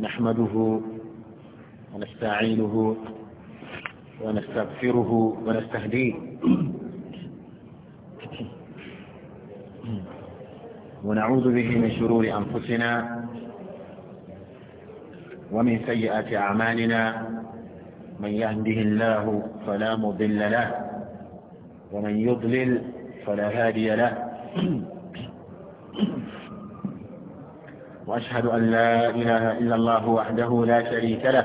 نحمده ونستعينه ونستغفره ونستهديه ونعوذ به من شرور أنفسنا ومن سيئات أعمالنا من يهده الله فلا مضل له ومن يضلل فلا هادي له وأشهد أن لا إله إلا الله وحده لا شريك له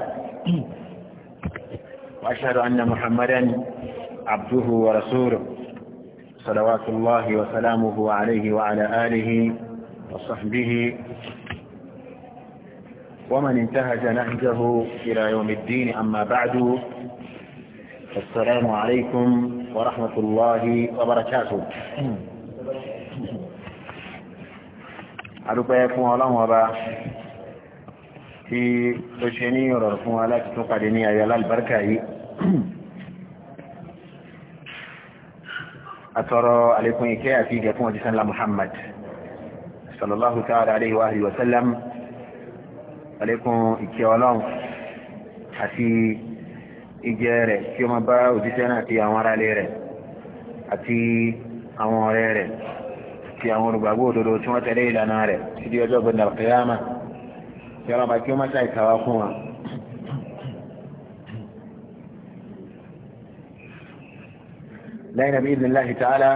وأشهد أن محمدا عبده ورسوله صلوات الله وسلامه عليه وعلى آله وصحبه ومن انتهج نهجه إلى يوم الدين أما بعد السلام عليكم ورحمة الله وبركاته adúpẹ́ fún ọlọ́run ọba tí ó ṣe ní ọ̀rọ̀ fún wa láti tún pàdé ní ayé alálùbáríkà yìí àtọrọ àlékún ìkẹ́ àti ìgẹ̀ fún òjíṣẹ́ ńlá Muhammad sallallahu ta'ala alayhi wa alihi wa sallam àlékún ìkẹ́ ọlọ́run àti ìjẹ́ rẹ̀ kí ó máa bá òjíṣẹ́ náà àti àwọn aráalé rẹ̀ àti àwọn ọ̀rẹ́ rẹ̀ àti àwọn olùgbàgbọ́ òdodo tí wọ́n tẹ̀lé ìlànà rẹ̀ sí di ọjọ́ gbẹ̀dẹ̀ àkẹyàmà kí ọlọ́ba kí ó má ṣàì kàwá fún wa. lẹ́yìn àbí ìdílé láti tààlà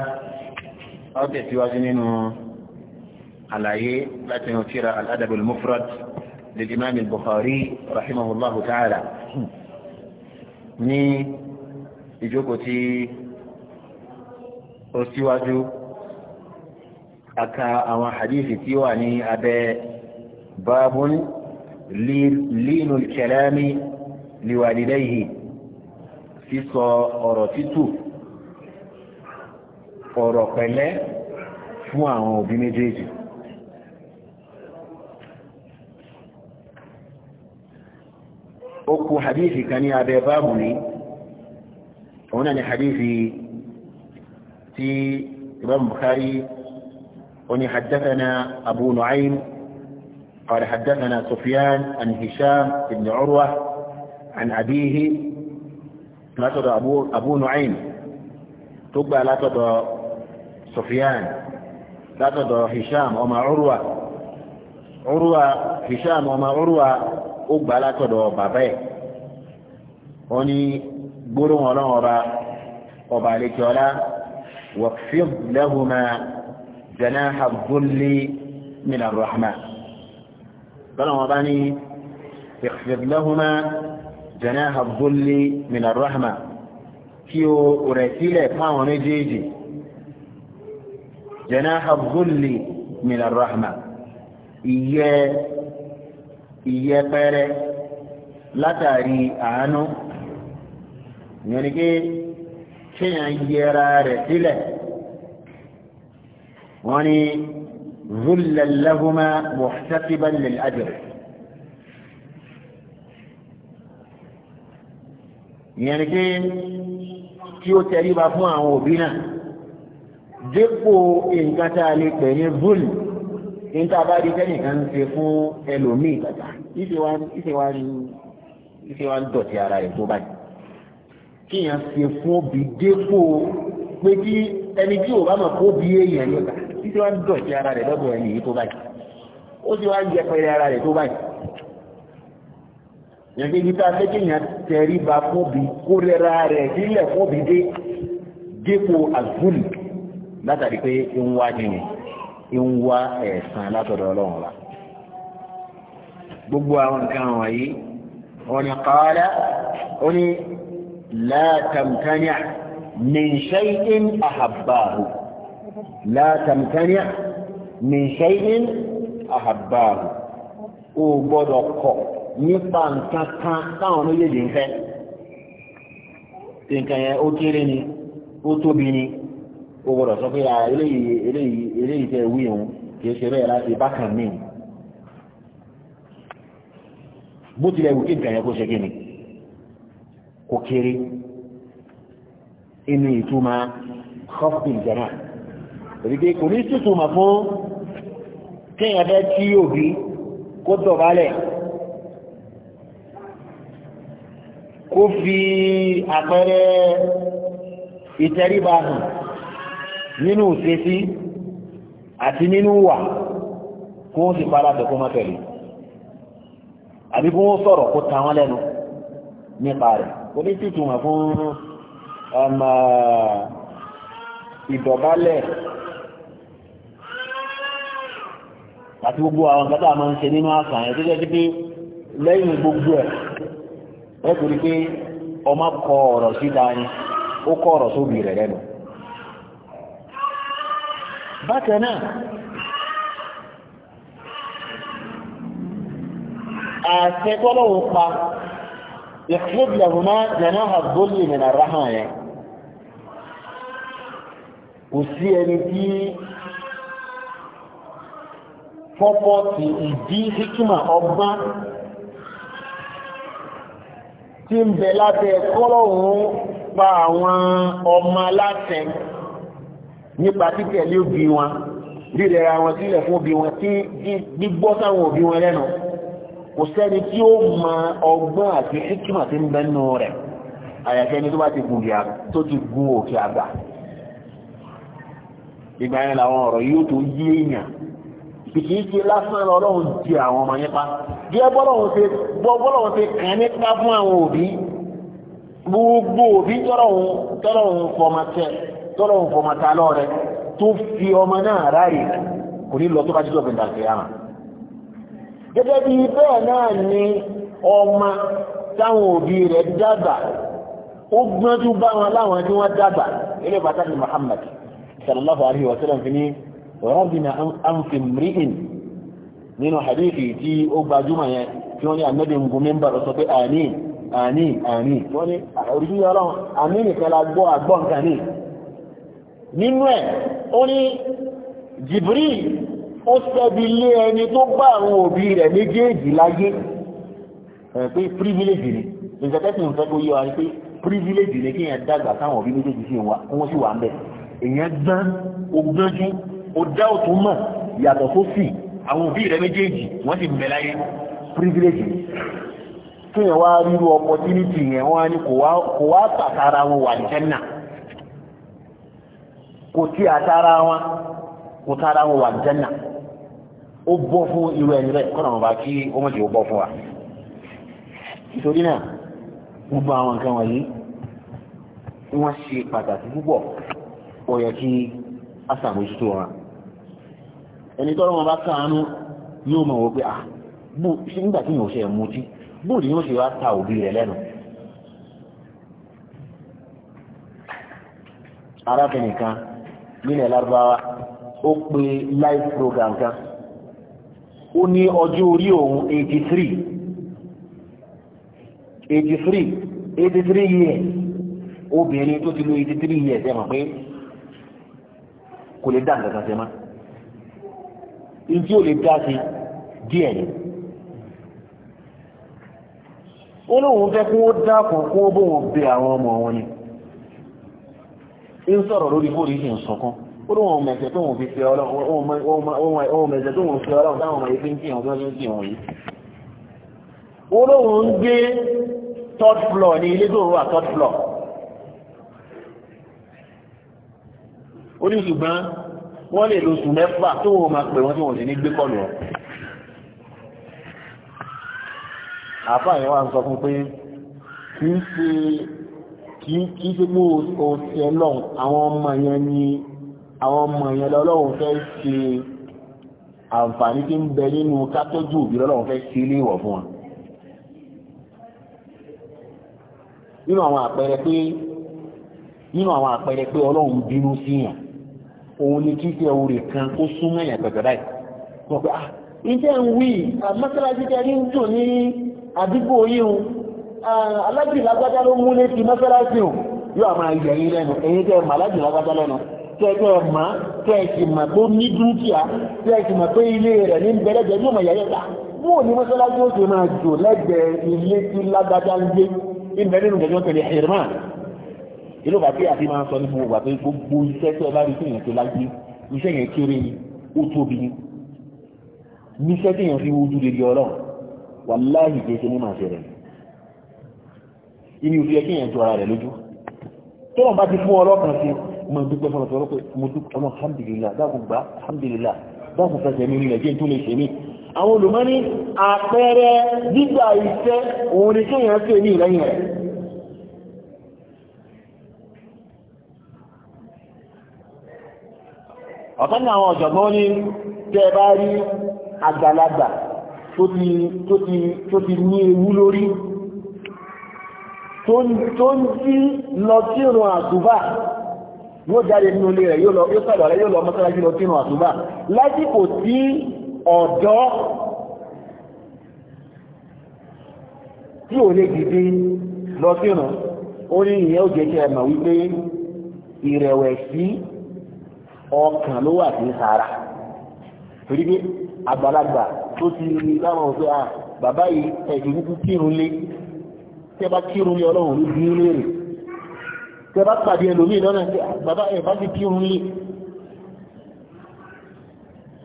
ó tẹ̀síwájú nínú àlàyé láti nù tíra al-adab al-mufrad للإمام البخاري رحمه الله تعالى ní ìjókòó tí ó síwájú aka àwọn hadithi tí wà ní abẹ́ babun línul kalami liwalidayhi sísọ ọ̀rọ̀ títù ọ̀rọ̀ pẹ̀lẹ́ fún àwọn òbí méjèèjì ó kú hadithi kan ní abẹ́ báàbù ní òun náà ni hadithi tí Imam Bukhari وني حدثنا أبو نعيم قال حدثنا سفيان عن هشام بن عروة عن أبيه لا تدى أبو, أبو نعيم تبقى لا تدى سفيان لا تدى هشام وما عروة عروة هشام وما عروة أبقى لا تدى بابي وني قولوا الله ọba àlejò ọlá wọ̀fíìlẹ́hùn máa janaha dhulli min ar-rahma lọ́nà wọn bá ní ikhfid lahuma janaha dhulli min ar-rahma kí o rẹ̀ sílẹ̀ fún àwọn méjèèjì janaha dhulli min ar-rahma ìyẹ́ ìyẹ́ pẹ́rẹ́ látàrí àánú yẹn ni pé kéèyàn yẹra rẹ̀ sílẹ̀ wọ́n ní zullalahuma muhtasiban lil ajr ìyẹn ni pé tí ó tẹríba fún àwọn òbí náà dípò nǹkan tá a lè pè ní zul ní tá a bá di tẹ́nìkan ń ṣe fún ẹlòmíì tàtà ìṣe wa ń dọ̀tí ara rẹ̀ tó báyìí kíyàn ṣe fún òbí dípò pé kí ẹni tí ò bá mọ̀ kó bí èèyàn nígbà títí wá ń dọ̀tí ara rẹ̀ lọ́dọ̀ ẹni yìí tó báyìí ó ti wá ń yẹpẹrẹ ara rẹ̀ tó báyìí yẹn kí níta kékeré tẹrí ba fóbi kó rẹra rẹ̀ sílẹ̀ fóbi dé dépò àzúlù látàrí pé ń wá nìyẹn ń wá ẹ̀sán látọ̀dọ̀ la gbogbo àwọn nǹkan wọ̀nyí wọ́n ní kọ́ọ́lá ó ní látàmtánìà min shay'in ahabbahu لا تمتنع من شيء أحباه ó gbọ́dọ̀ kọ̀ nípa nǹkan kan táwọn méjèèjì ń fẹ́ nǹkan yẹn ó kéré ni ó tóbi ni ó gbọ́dọ̀ sọ pé eléyìí eléyìí eléyìí tẹ wí òun kìí ṣe bẹ́ẹ̀ láti bákan míì bó tilẹ̀ wù kí nǹkan yẹn kó ṣe kí kó kéré inú ìtumọ̀ kọ́fù jẹ̀máà èdè kò ní tútù mà fún kéèyàn fẹ́ tí òbí kó dọ̀bálẹ̀ kó fi àpẹẹrẹ ìtẹríba hàn nínú ìṣesí àti nínú wà kó ń sì para bẹ̀ kó àbí kó ń sọ̀rọ̀ kó ta wọ́n lẹ́nu nípa rẹ̀ kò ní tútù fún um, ìdọ̀bálẹ̀ àti gbogbo àwọn nǹkan tá a máa ń ṣe nínú àṣà yẹn tó jẹ́ pé lẹ́yìn gbogbo ẹ̀ ẹ kò rí pé ọmọ kọ ọ̀rọ̀ síta ni ó kọ ọ̀rọ̀ sóbì rẹ̀ lẹ́nu. bákan náà àṣẹ pa ìfúb lẹ́hùnmá jẹ̀nà àgbólì nìyẹn ráhàn yẹn kò sí ẹni tí pọ́pọ́tì ìdí hikima ọgbọ́n tí ń bẹ lábẹ́ kọ́lọ̀hún pa àwọn ọmọ aláṣẹ nípa títẹ̀lé òbí wọn rírẹra wọn sílẹ̀ fún òbí wọn tí gbígbọ́ sáwọn òbí wọn lẹ́nu kò sẹ́ni tí ó mọ ọgbọ́n àti hikima tí ń bẹ nù rẹ̀ àyàfẹ́ni tó bá ti gun kìkì í ṣe lásán ọlọ́run ti àwọn ọmọ yẹn pa bí ẹ bọ́lọ́run ṣe bọ́lọ́run ṣe kàn nípa fún àwọn òbí gbogbo òbí tọ́lọ́run tọ́lọ́run fọmọtẹ tọ́lọ́run fọmọtẹ alọ́ rẹ tó fi ọmọ náà ráàyè kò ní lọ tó bá jíjọ́ bẹ̀rẹ̀ àti àmà gẹ́gẹ́ bí bẹ́ẹ̀ náà ni ọmọ táwọn òbí rẹ̀ dàgbà ó gbọ́njú bá wọn láwọn tí wọ́n dàgbà ilé bàtà ní Muhammad sallallahu alayhi wa sallam fi ní rọ́bìnà amfin mri'in nínú hadithi tí ó gbajúmọ̀ yẹn tí wọ́n ní annabi ń gún mímbà sọ pé àní àní àní wọ́n ní orílẹ̀ ọlọ́run àní nìkan la gbọ́ àgbọ́ nǹkan ní nínú ẹ̀ ó ní jìbìrì ó sẹ́bi lé ẹni tó bá àwọn òbí rẹ̀ méjèèjì láyé ẹ̀ pé privilege ni ìjọtẹ́sìn ń fẹ́ kó yọ àti pé privilege ni kí èèyàn dàgbà táwọn òbí méjèèjì sí wa wọ́n sì wà ń bẹ̀ èèyàn gbọ́n ó ó dá òtún mọ̀ yàtọ̀ tó sì àwọn òbí rẹ méjèèjì wọ́n ti bẹ̀ láyé privilege fún yẹn wá ríru opportunity yẹn wọ́n á ní kò wá tàtàrà wọn wà jẹ́nà kò tí àtàrà wọn kò tàrà wọn wà jẹ́nà ó bọ́ fún irú ẹni rẹ̀ kọ́nà wọn bá kí ó mọ̀ jẹ́ ó bọ́ fún wa nítorí náà gbogbo àwọn nǹkan wọ̀nyí wọ́n ṣe pàtàkì púpọ̀ ó kí a ṣàmójútó wọn ẹni tọ́rọ wọn bá káàánú yóò mọ̀ wọ́n pé à bó ṣe nígbà tí yóò ṣe mutí bó ni yóò ṣe wá ta òbí rẹ̀ lẹ́nu. arábìnrin kan nílẹ̀ lárúbáwá ó pe live program kan ó ní ọjọ́ orí òun eighty three eighty three obìnrin tó ti lo eighty three ẹ̀ mọ̀ pé kò lè dá nǹkan kan ṣe ntí ò lè dá sí díẹ̀ ni. ó lóun fẹ́ kí dákun kí bóun bẹ àwọn ọmọ wọn ni ń sọ̀rọ̀ lórí bóòrí sí ǹsọ̀kan ó lóun ọmọ ẹ̀sẹ̀ tó wọ́n fi fẹ́ ọlọ́run táwọn ọmọ ẹ̀fẹ́ ń kí wọn tó ń kí wọn yìí ó lóun ń third floor ní ilé tó third floor ó ní wọ́n lè lo oṣù mẹ́fà tó wọ́n máa pè wọ́n tí wọ́n lè ní gbé kọlù wọn àfáà yẹn wá ń sọ fún pé kì í ṣe kì í ṣe mú oṣù ẹlọ́run àwọn ọmọ yẹn ni àwọn ọmọ yẹn lọ́lọ́run fẹ́ ṣe àǹfààní tí ń bẹ nínú kátọ́jú òbí lọ́lọ́run fẹ́ ṣe ilé ìwọ̀ fún wọn nínú àwọn nínú àwọn àpẹẹrẹ pé ọlọ́run bínú síyàn òun ni kí tẹ orí kan ó súnmọ́ èèyàn pẹ̀pẹ̀ báyìí wọ́n pẹ́ ah ìjẹ́ ń wí mọ́sálásí tẹ rí ń tò ní àdúgbò yíhun alájì lágbájá ló múlé ti mọ́sálásí o yóò àmà ìyẹ̀yìn lẹ́nu ẹ̀yìn tẹ mà alájì lágbájá lẹ́nu tẹ́ẹ̀kẹ́ mà tẹ́ẹ̀kì mà tó ní dúkìá tẹ́ẹ̀kì mà pé ilé rẹ̀ ní bẹ̀rẹ̀jẹ̀ yóò mọ̀ yẹ̀yẹ́ ta bóò ní mọ́sálásí ó ti máa ìlú bàtí àti máa ń sọ ní gbogbo ìgbà pé gbogbo iṣẹ́ tí ọba rí fún èèyàn tó lágbé iṣẹ́ yẹn kéré ni ó tóbi ni níṣẹ́ tí èèyàn fi wojú rere ọlọ́run wàláhì kìí ṣe ní màá ṣe rẹ̀ inú ìfi ẹkí yẹn ju ara rẹ̀ lójú tó wọn bá ti fún ọlọ́kan sí mo dúpẹ́ fọlọ́ tọ́lọ́ pé mo dúpẹ́ ọmọ alhamdulillah dákun gbà alhamdulillah dákun fẹsẹ̀ mi nílẹ̀ jẹ́ tó lè ṣe mí àwọn olùmọ́ ní àpẹẹrẹ gbígbà iṣẹ́ òun ni kéèyàn ṣe ní ìlẹ́yìn rẹ̀ ọ̀kan ní àwọn ọ̀jọ̀gbọ́n ní tẹ́ bá rí àgbàlagbà tó ti ní ewu lórí tó ń tí lọ kírun àsùbá yóò jáde nínú ilé rẹ̀ yóò sọ̀rọ̀ rẹ̀ yóò lọ mọ́sálásí lọ kírun àsùbá lásìkò tí ọ̀dọ́ tí ò lè dìde lọ kírun ó ní ìyẹn ó ọkàn ló wà sí sàárà torí pé àgbàlagbà tó ti rí láwọn òfin à ah, bàbá yìí ẹ̀sìn kúkú kírun lé tẹ́ bá kírun lé ọlọ́run ló bí léèrè tẹ́ bá pàdé ẹlòmíì lọ́nà tí ah, bàbá ẹ̀ bá ti kírun lé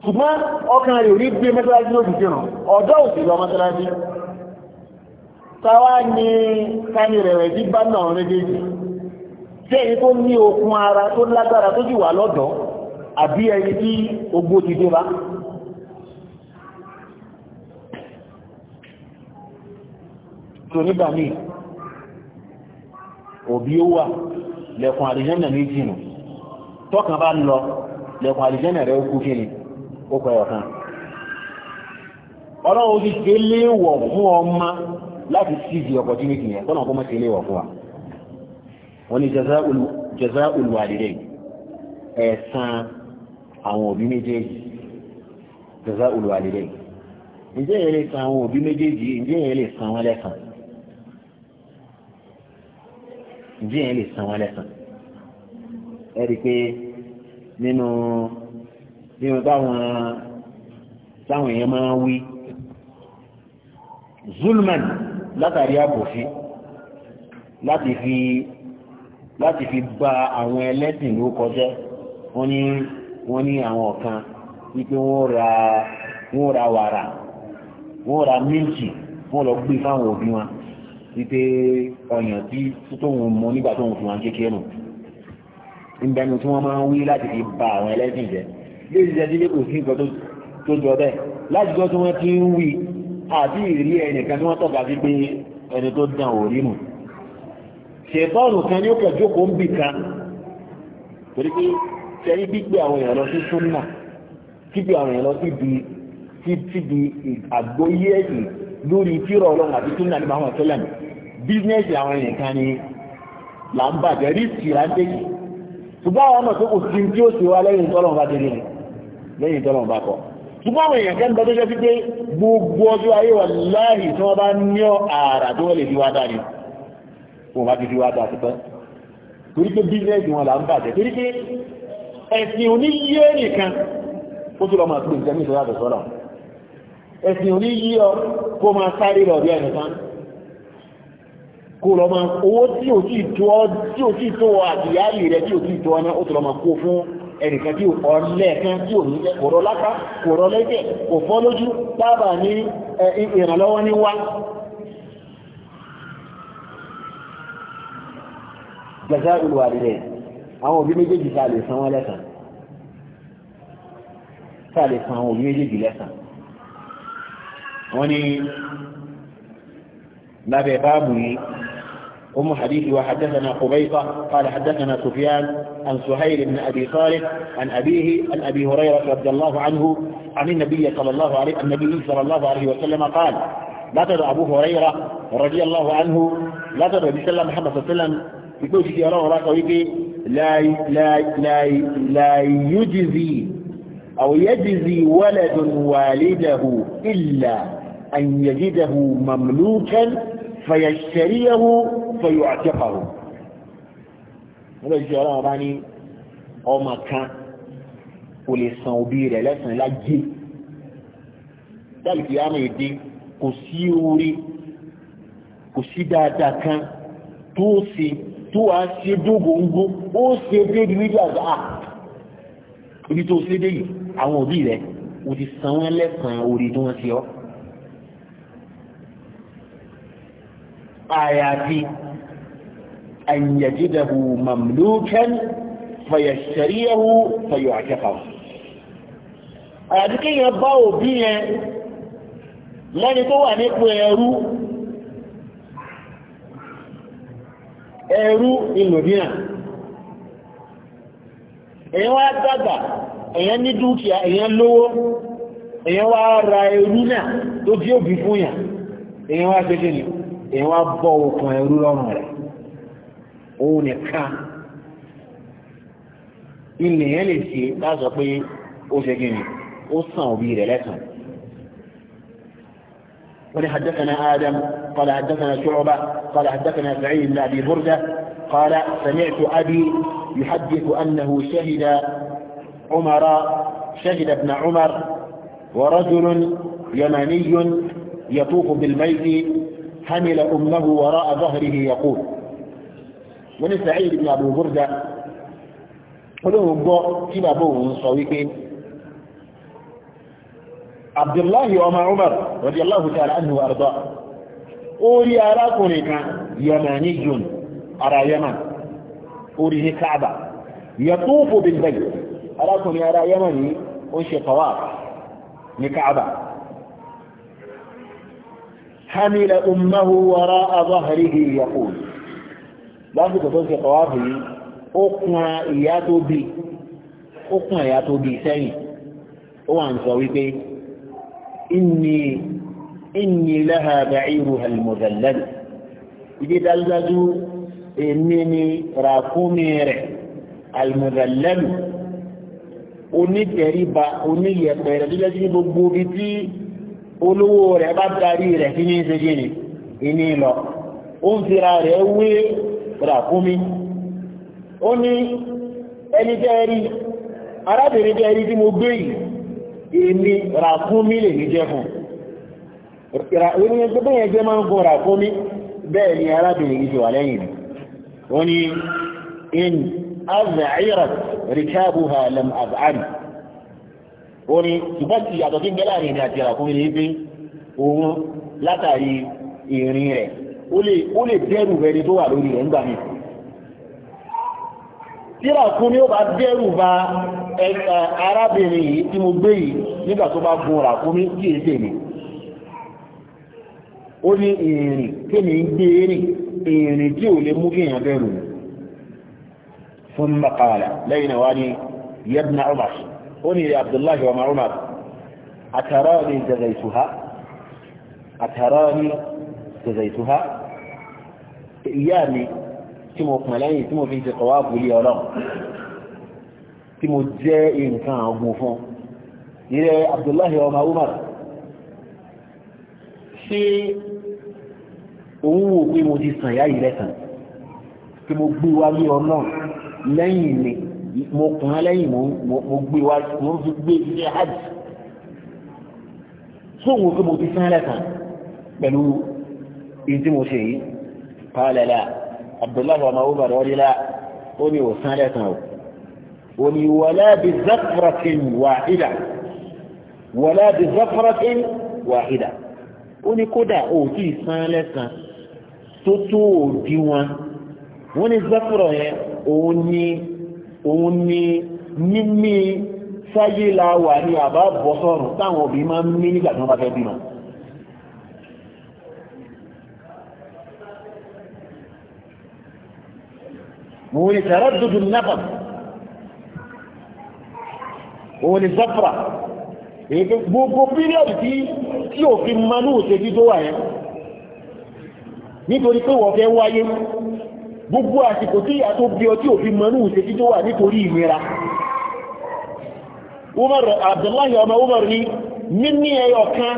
ṣùgbọ́n ọkàn rẹ̀ rí gbé mẹ́tàlájí ló fi kírun ọ̀dọ́ òsèlú ọmọtàlájí tàwa ní kánì rẹ̀rẹ̀ tí bá náà rẹ̀ déjì tó ní okun ara tó lágbára tó jù wà lọ́dọ̀ọ́ àbí ẹni tí ogbó ti dé bá tó nígbà míì òbí ó wà lẹ̀kùn àlìjẹ́nà méjì nù tọ́kàn bá lọ lẹ̀kùn àlìjẹ́nà rẹ̀ ó kú kí ni ó pẹ̀ ọ̀kan ọlọ́run ti ṣe léèwọ̀ fún ọmọ láti síbi opportunity yẹn kọ́nà kó mọ́ ṣe léèwọ̀ fún wa wọ́n ni jaza'ul walidayn ẹ̀san àwọn òbí méjèèjì jẹ́sà olùwàlélẹ̀ ǹjẹ́ ìyẹn lè san àwọn òbí méjèèjì ǹjẹ́ ìyẹn lè san wọ́n lẹ́san ǹjẹ́ ìyẹn lè san wọ́n lẹ́san ẹ rí i pé nínú nínú táwọn táwọn èèyàn máa ń wí zulman látàrí àbòfin láti fi láti fi bà àwọn ẹlẹ́sìn ló kọjá wọ́n ní wọ́n ní àwọn kan wípé wọ́n ra wọ́n ra wàrà wọ́n ra mílìkì wọ́n lọ gbé fáwọn òbí wọn wípé ọ̀yàn tí tóun mọ nígbà tóun fún wọn kékeré nù ìbẹnu tí wọ́n máa ń wí láti fi ba àwọn ẹlẹ́sìn jẹ́ bí ó ti jẹ́ dílé kò sí nǹkan tó jọ bẹ́ẹ̀ láti gbọ́ tí wọ́n ti ń wí àti ìrírí ẹnìkan tí wọ́n tọ́ka sí pé ẹni tó dàn ò rí nù kan ní ó kẹjọ́ sẹ́yìn gbígbé àwọn èèyàn lọ sí súnmà gbígbé àwọn èèyàn lọ síbi àgbóyé ẹ̀sìn lórí tírọ̀ ọlọ́run àti súnmà ní báwọn sẹ́lẹ̀ mi bísínẹ́sì àwọn èèyàn kan ni là ń bàjẹ́ rísì ráńdéjì ṣùgbọ́n àwọn ọ̀nà tó kò sí tí ó ṣe wá lẹ́yìn tọ́lọ́run bá délé lẹ́yìn tọ́lọ́run bá kọ́ ṣùgbọ́n àwọn èèyàn kan bẹ tó jẹ́ sí pé gbogbo ọjọ́ ayé wà láàyè tí wọ́n bá ní ààrà tó wọ́n lè fi wá dá ni wọ́n bá ti fi wá dá sí tán torí pé bísínẹ́sì wọn là ń bàjẹ́ torí pé ẹ̀sìn oníyé nìkan ó tó lọ máa pè ìjẹ́mí ìṣẹ́ yàtọ̀ sọ́lọ̀ ẹ̀sìn oníyé ọ kó máa sáré lọ bí ẹnìkan kó lọ máa owó tí ò tí tó ọ tí ò tí tó ọ àdìyálì rẹ tí ò tí tó ọ náà ó tó lọ máa kó fún ẹnìkan tí ò lẹ́ẹ̀kan tí ò ní kòrọ lápá kòrọ lẹ́jẹ̀ kò fọ́ lójú tábà ní ìrànlọ́wọ́ ní wá jazaa ìlú àwọn òbí méjèèjì ta lè san wọ́n lẹ́san ta lè san àwọn òbí méjèèjì lẹ́san wọ́n ní lábẹ́ báàbù yìí أم حديث وحدثنا قبيصة قال حدثنا سفيان عن سهيل بن أبي صالح عن أبيه عن أبي هريرة رضي الله عنه عن النبي صلى الله عليه النبي صلى الله عليه وسلم قال لا تدع أبو هريرة رضي الله عنه لا تدع بسلم محمد صلى الله عليه وسلم يقول في الله وراك ويكي لا يجزي أو يجزي ولد والده إلا أن يجده مملوكا فيشتريه فيعتقه olóòjì ọlọ́run bá ní ọmọ kan kò lè san òbí rẹ̀ lẹ́sàn lájé dáàbìkì àmì èdè kò sí orí kò sí dáadáa kan tó ṣe tó wà ṣe dógóngó ó ṣe déédéé nígbà àgbà ah, ibi tó ṣe dé yìí àwọn òbí rẹ̀ o ti san wọ́n lẹ́sàn-án orí tí wọ́n ṣe ọ́ àyàfi àyàjídàhù mamlúkẹ́n fàyàṣẹ̀ríyàhù fàyọ̀ àkẹ́fàá àyàfi kéèyàn bá òbí yẹn lẹ́ni tó wà nípò ẹrú Eru ní Mẹdínà wá dàgbà èyàn ní dúkìá lowo, lówó èyàn wá ra ẹrú náà tó bí fún yàn èyàn wá gbẹ́gbẹ́ ni èyàn wá bọ́ okùn ẹrú lọ́rùn rẹ̀ òun nìkan ilẹ̀ yẹn lè ṣe láàzọ pé ó ṣe ó sàn òbí قال حدثنا شعبة قال حدثنا سعيد بن أبي بردة قال سمعت أبي يحدث أنه شهد عمر شهد ابن عمر ورجل يماني يطوف بالبيت حمل أمه وراء ظهره يقول wọ́n سعيد بن أبي بردة olóhùn gbọ́ كما bàbá òun عبد الله Abdullahi عمر رضي الله تعالى عنه وارضاه ó rí arákùnrin kan yamani jùn ara yaman ó rí ní káàbà yatufu bil bayt arákùnrin ara yaman ní ó ṣe tawaf ní káàbà hamila ummahu wara'a zahrihi yaqul lásìkò tó ṣe tawaf yìí ó kún ìyá tó bí ìyá tó bí sẹ́yìn ó wà ń sọ wípé inni inni laha ba'iruha al-mudallal ibi dájúdájú èmi ni ràkúnmí rẹ̀ al-mudallal onítẹ̀ríba oníyẹ̀pẹ̀rẹ̀ tó jẹ́sí gbogbo ibi tí olówó rẹ̀ bá darí rẹ̀ sí ní ṣe gíní iní lọ ó ń fira rẹ̀ wé ràkúnmí ó mo gbé yìí èmi ràkúnmí lè ní jẹ́ ìròyìn ẹgbẹ́ máa ń gọ́ra kómi bẹ́ẹ̀ ni arábìnrin yìí wà lẹ́yìn rẹ̀ wọ́n ni in azairat rikabuha lam azari wọ́n ni ṣùgbọ́n yàtọ̀ tí gẹ́lá rìn àti àkómi látàrí ìrìn rẹ̀ ó lè dẹ́rù rẹ̀ tó wà lórí rẹ̀ ń gbà mí tíra kú ni ó bá dẹ́rù ba arábìnrin yìí tí mo gbé yìí nígbà tó bá gun ràkúmí kí èsè mi ó ní ìrìn tí ní gbé rìn ìrìn tí ò lè mú kí èèyàn bẹ̀rù fún makala lẹ́yìn náà wá ní yabna umar ó ní ilẹ̀ abdullahi wa ma'umar atarani jazaituha atarani jazaituha ìyá mi tí mo pọ̀ tí mo fi ṣé òun wò pé mo ti sàn ìyá yìí lẹ́sàn pé mo gbé wá lé ọ náà lẹ́yìn mi mo kùn án lẹ́yìn mo gbé wá mo fi gbé ilé e hajj sóhun wò pé mo ti sàn lẹ́sàn pẹ̀lú èyí tí mo ṣe yìí pàálẹ̀lá abdullahi ọmọ ọba rẹ̀ ó ní òsán lẹ́sàn ò ó ní wọlá bí zafratin wàhídà wọlá bí zafratin wàhídà ó ní kódà òòtí ìsan lẹ́sàn tó tó òdi wọn wọ́n ní zẹ́fúrọ̀ yẹn òun ní òun ní mímí sáyé la wà ní àbá bọ́ sọ́run táwọn òbí máa ń mí nígbà tí wọ́n bá fẹ́ bímọ. òun ni tẹ̀rẹ́ dúdú nábà òun ni zẹ́fúrọ̀ èyí gbogbo píríọ̀dù tí tí ò fi manú òṣèlú tó wà yẹn nítorí pé wọ́n fẹ́ wáyé gbogbo àsìkò tí ìyá tó bí ọ tí ò fi manú òṣèlú tó wà nítorí ìlera Umar Abdullahi ọmọ Umar ní níní ẹyọ kan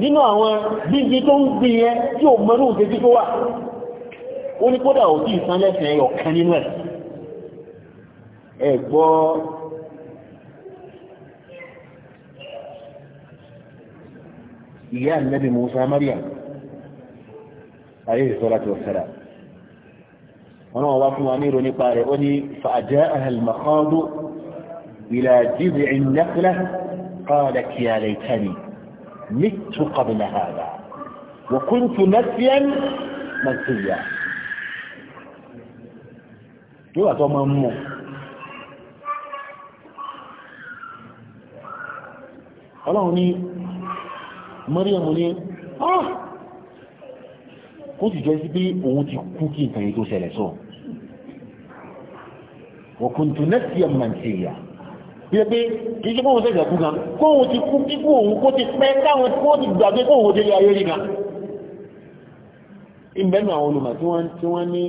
nínú àwọn gbígbí tó ń gbìn yẹn tí ò manú òṣèlú tó wà ó ní kódà ò tí ìsanlẹ̀sìn ẹyọ kan nínú ẹ̀ ẹ̀ إياه النبي موسى مريم عليه الصلاة والسلام وانا wá fún أمير fun فأجاءها المخاض إلى جذع النخلة قالت يا ليتني مت قبل هذا وكنت نسيا منسيا yóò wà tó máa Mariam ní ah ó sì jẹ́ sí pé òun ti kú kí nǹkan yìí tó ṣẹlẹ̀ sọ ọkùntùn náà sí ọmọ àti ìyá bíi pé kì í ṣe kóhun ṣẹ̀ṣẹ̀ kú gan kóhun ti kú kíkú òun kó ti pẹ́ káwọn tí wọ́n ti gbàgbé kóhun délé ayé rí gan ìbẹ́nu àwọn olùmọ̀ tí wọ́n ní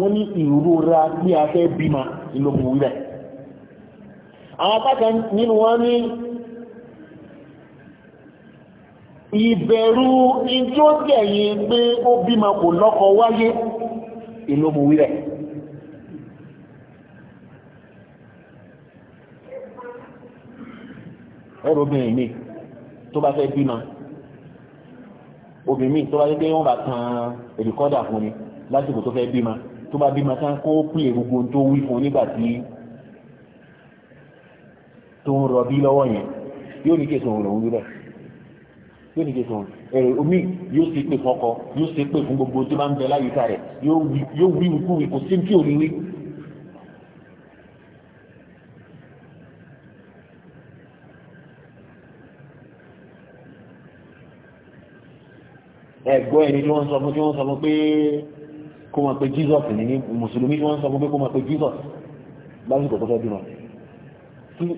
wọ́n ní ìrora bí a fẹ́ bímọ ìlòkùn rẹ̀ àwọn apákan nínú wọn ní ìbẹ̀rù ijó jẹ̀yìn pé ó ma kò lọ́kọ wáyé ìlú mú wílẹ̀ ẹrùbìnrin mi tó bá fẹ́ bímọ obìnrin mi tó bá fẹ́ pé wọ́n bá tan èrìkọ́dà fún ni lásìkò tó fẹ́ bímọ tó bá bímọ tán kó pín gbogbo tó wí fún nígbà tí tó ń rọbí lọ́wọ́ yẹn yóò ní kí èso òun lòún wílẹ̀ yóò nìke fún ẹ omi yóò ṣe pé fọkọ yóò ṣe pé fún gbogbo tó bá ń bẹ láyé ká rẹ yóò wí ikú wí kò sí kí òní wí. ẹ̀gbọ́n ẹni tí wọ́n sọ fún tí wọ́n sọ fún pé kó máa pe Jesus ní ní mùsùlùmí tí wọ́n sọ fún pé kó máa pe Jesus lásìkò tó fẹ́ bímọ.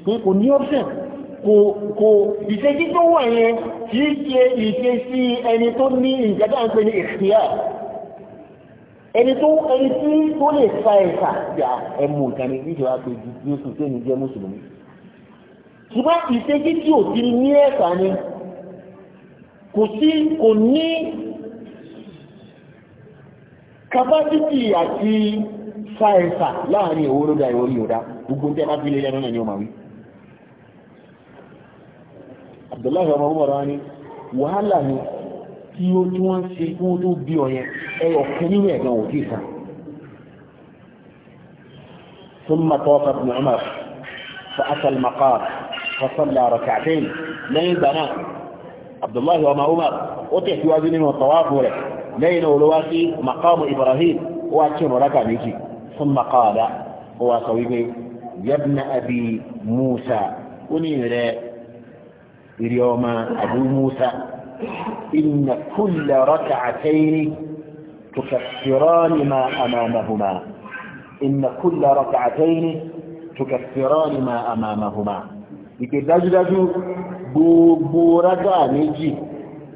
pé kò ní option kò ìṣẹ́jú tó wà yẹn kì í ṣe ìṣe sí ẹni tó ní ìjọba ń pè ní ìṣíà ẹni tó ẹni tí tó lè fa ẹ̀ka yà ẹmu ìkànnì ìjọba pé Jésù sẹ́ni jẹ́ mùsùlùmí ṣùgbọ́n ìṣẹ́jú tí ò ti ní ẹ̀ka ni kò sí kò ní kapásítì àti fa ẹ̀ka láàrin ìwòrò dá ìwòrò yòdá gbogbo ń tẹ́ bá fi lé lẹ́nu náà ni ó máa wí. Abdullahi ọmọ ọmọ ọ̀rọ̀ ni wàhálà ni tí ó tí wọ́n ṣe kí wọ́n tó bí ọyẹn ẹyọ kan nínú ẹ̀gbọ́n ò tí kan ثم توفى ابن عمر فأتى المقام فصلى ركعتين لين بناء عبد الله وما عمر أتيت وازن وطواف له لين ولواسي مقام إبراهيم وأتشم ركع نجي ثم قال هو صويبي يا ابن أبي موسى وني ìrì ọmọ Abu Musa inna kulla rak'atayni tukaffirani ma amamahuma inna kulla rak'atayni tukaffirani ma amamahuma ìpè dájúdájú gbogbo rákà méjì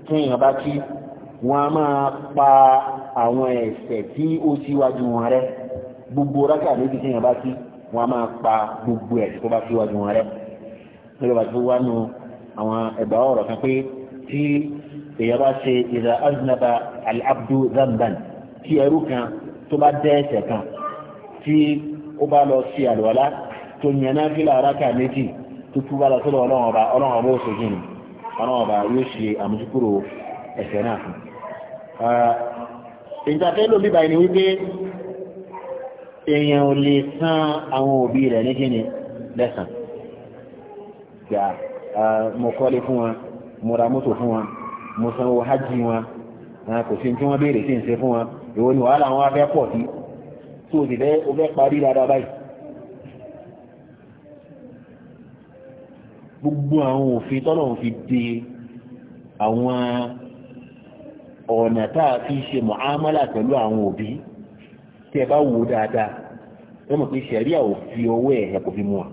tí èèyàn bá kí wọ́n a máa pa àwọn ẹ̀ṣẹ̀ tí ó síwájú wọn rẹ́ gbogbo rákà méjì tí èèyàn bá kí wọ́n máa pa gbogbo ẹ̀ṣẹ̀ tó bá síwájú wọn rẹ́ àwọn ẹ̀bà ọ̀rọ̀ kan pé tí èèyàn bá ṣe ìdá aznaba al-abdu zamban tí ẹrú kan tó bá dẹ́ ẹ̀ṣẹ̀ kan tí ó bá lọ sí àlùwàlá tó yẹn náà fi làárá ká méjì tó tú bá lọ sọ́dọ̀ ọlọ́run ọba ọlọ́run ọba òṣèjì ni ọlọ́run ọba yóò ṣe àmójúkúrò ẹ̀ṣẹ̀ náà fún ìjàfẹ́ ló bíbà ní wípé èèyàn ò lè san àwọn òbí rẹ̀ ní kíni lẹ́sàn mo kọ́lé fún wọn mo ra mọ́tò fún wọn mo san owó wọn kò sí tí wọ́n béèrè sí ń fún wọn ìwọ ni wàhálà wọn fẹ́ pọ̀ sí tí o sì fẹ́ o fẹ́ parí dáadáa báyìí. gbogbo àwọn òfin tọ́lọ̀ fi de àwọn ọ̀nà tá a fi ṣe mọ̀ámálà pẹ̀lú àwọn òbí tí ẹ bá wò dáadáa ẹ mọ̀ pé ṣẹ̀ríà ò fi ọwọ́ ẹ̀ kò fi mú wa.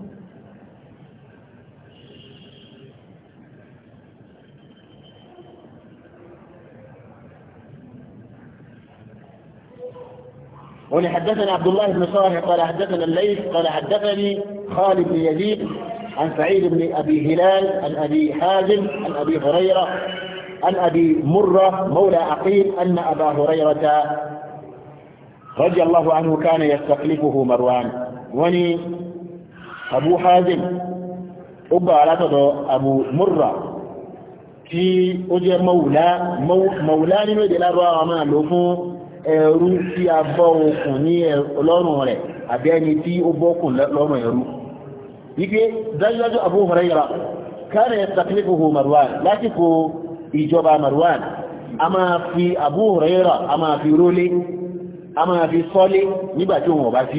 ولحدثنا عبد الله بن صالح قال حدثنا الليث قال حدثني خالد بن يزيد عن سعيد بن أبي هلال عن أبي حازم عن أبي هريرة عن أبي مرة مولى عقيل أن أبا هريرة رضي الله عنه كان يستخلفه مروان وني أبو حازم أبا على أبو مرة في أجر مولى مولى لمدي الأرواح وما له ẹrú tí a bọ́ okùn ní ọlọ́rùn rẹ̀ àbí ẹni tí ó bọ́kùn lọ́rùn ẹrú wípé dájúdájú Abu Hurairah kana yastaklifuhu Marwan lásìkò ìjọba Marwan a máa fi Abu Hurairah a máa fi rólé a máa fi sọ́lé nígbàtí wọn bá sí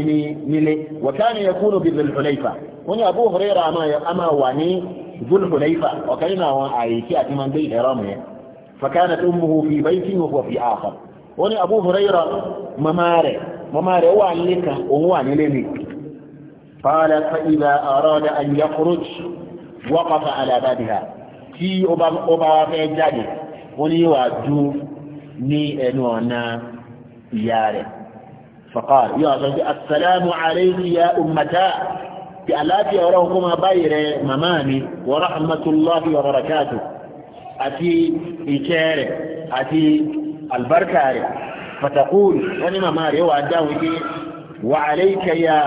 nílé wa kana yakunu bi Dhul Hulayfa wọ́n ni Abu Hurairah a máa wà ó ní Abu Hurairah màmá rẹ̀ màmá rẹ̀ wà nílé kan òun wà nílé mi qala fa idha arada an yakhruj waqafa ala babiha tí ó bá wá fẹ́ jáde ó ní wà dú ní ẹnu ọ̀nà ìyá rẹ̀ فقال يا رجل السلام عليك يا أمتاء بألاتي أراهما بير ممامي ورحمة الله وبركاته àti ìkẹ́ rẹ̀ àti àlùbáríkà rẹ̀ fatakul wọ́n ní màmá rẹ̀ wà á dáhùn pé wà alayka ya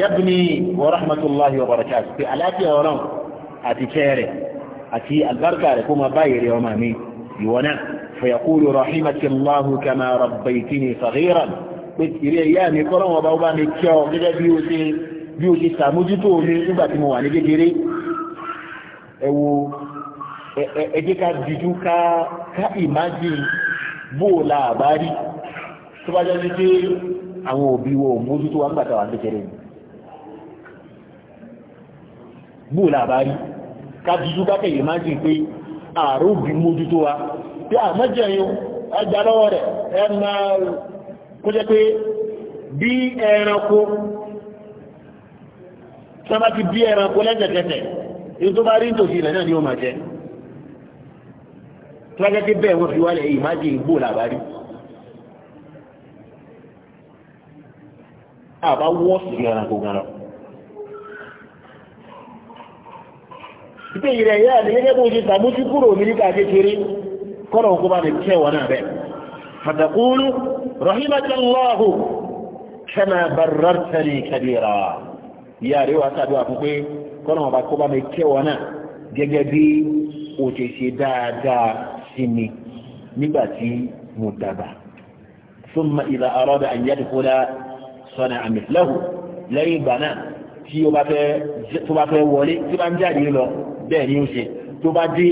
yabni wa rahmatulahi wa barakatu pé aláàfíà ọlọ́run àti kẹrẹ̀ àti àlùbáríkà rẹ̀ kó máa báyìí rẹ̀ ọmọ mi ìwọ náà fayakulu rahimakallahu kama rabbaytini saghiran pé ìrẹ́ ìyá mi kọ́ lọ́wọ́ ọba ọba mi kí ọ bí o ṣe bí o ṣe ṣàmójútó mi nígbà tí mo wà ní kékeré ẹ wo ẹ dídú ká ká ìmájìn bóòlà àbárí tó bá jẹ́ sí pé àwọn òbí wo mójú tó wá ń gbàtàwà kékeré ni bóòlà àbárí kájíjú kákẹ̀yẹ̀ máa jìn pé ààrẹ òbí mójú tó wá pé àmọ́jẹ̀yìn ẹgbà lọ́wọ́ rẹ̀ ẹ kó jẹ́ pé bí ẹranko tí bá ti bí ẹranko lẹ́sẹ̀kẹsẹ̀ ni ó tó bá jẹ́ pé bẹ́ẹ̀ wọ́n fi wálẹ̀ yìí má jẹ́ ìgbò làbárí. àbá wọ́ọ̀sì gan-an kò gan-an. ìpè ìrẹ̀ yẹ́ àti gẹ́gẹ́ bó ṣe sàmójú kúrò mílíkà kékeré kọ́rọ̀ kó bá lè tẹ́ wọn náà bẹ́ẹ̀. fatakulu rahimakallahu kama barartani kabira ìyá rẹ̀ sàdúrà fún pé kọ́rọ̀ wọn bá lè tẹ́ wọn náà gẹ́gẹ́ bí òṣèṣe dáadáa sí mi nígbà tí mo dàgbà thumma idha arada an yadkhula sana'a mithlahu lẹ́yìn ìgbà náà tí ó bá fẹ́ wọlé tí bá ń jáde lọ bẹ́ẹ̀ ni ó ṣe tó bá dé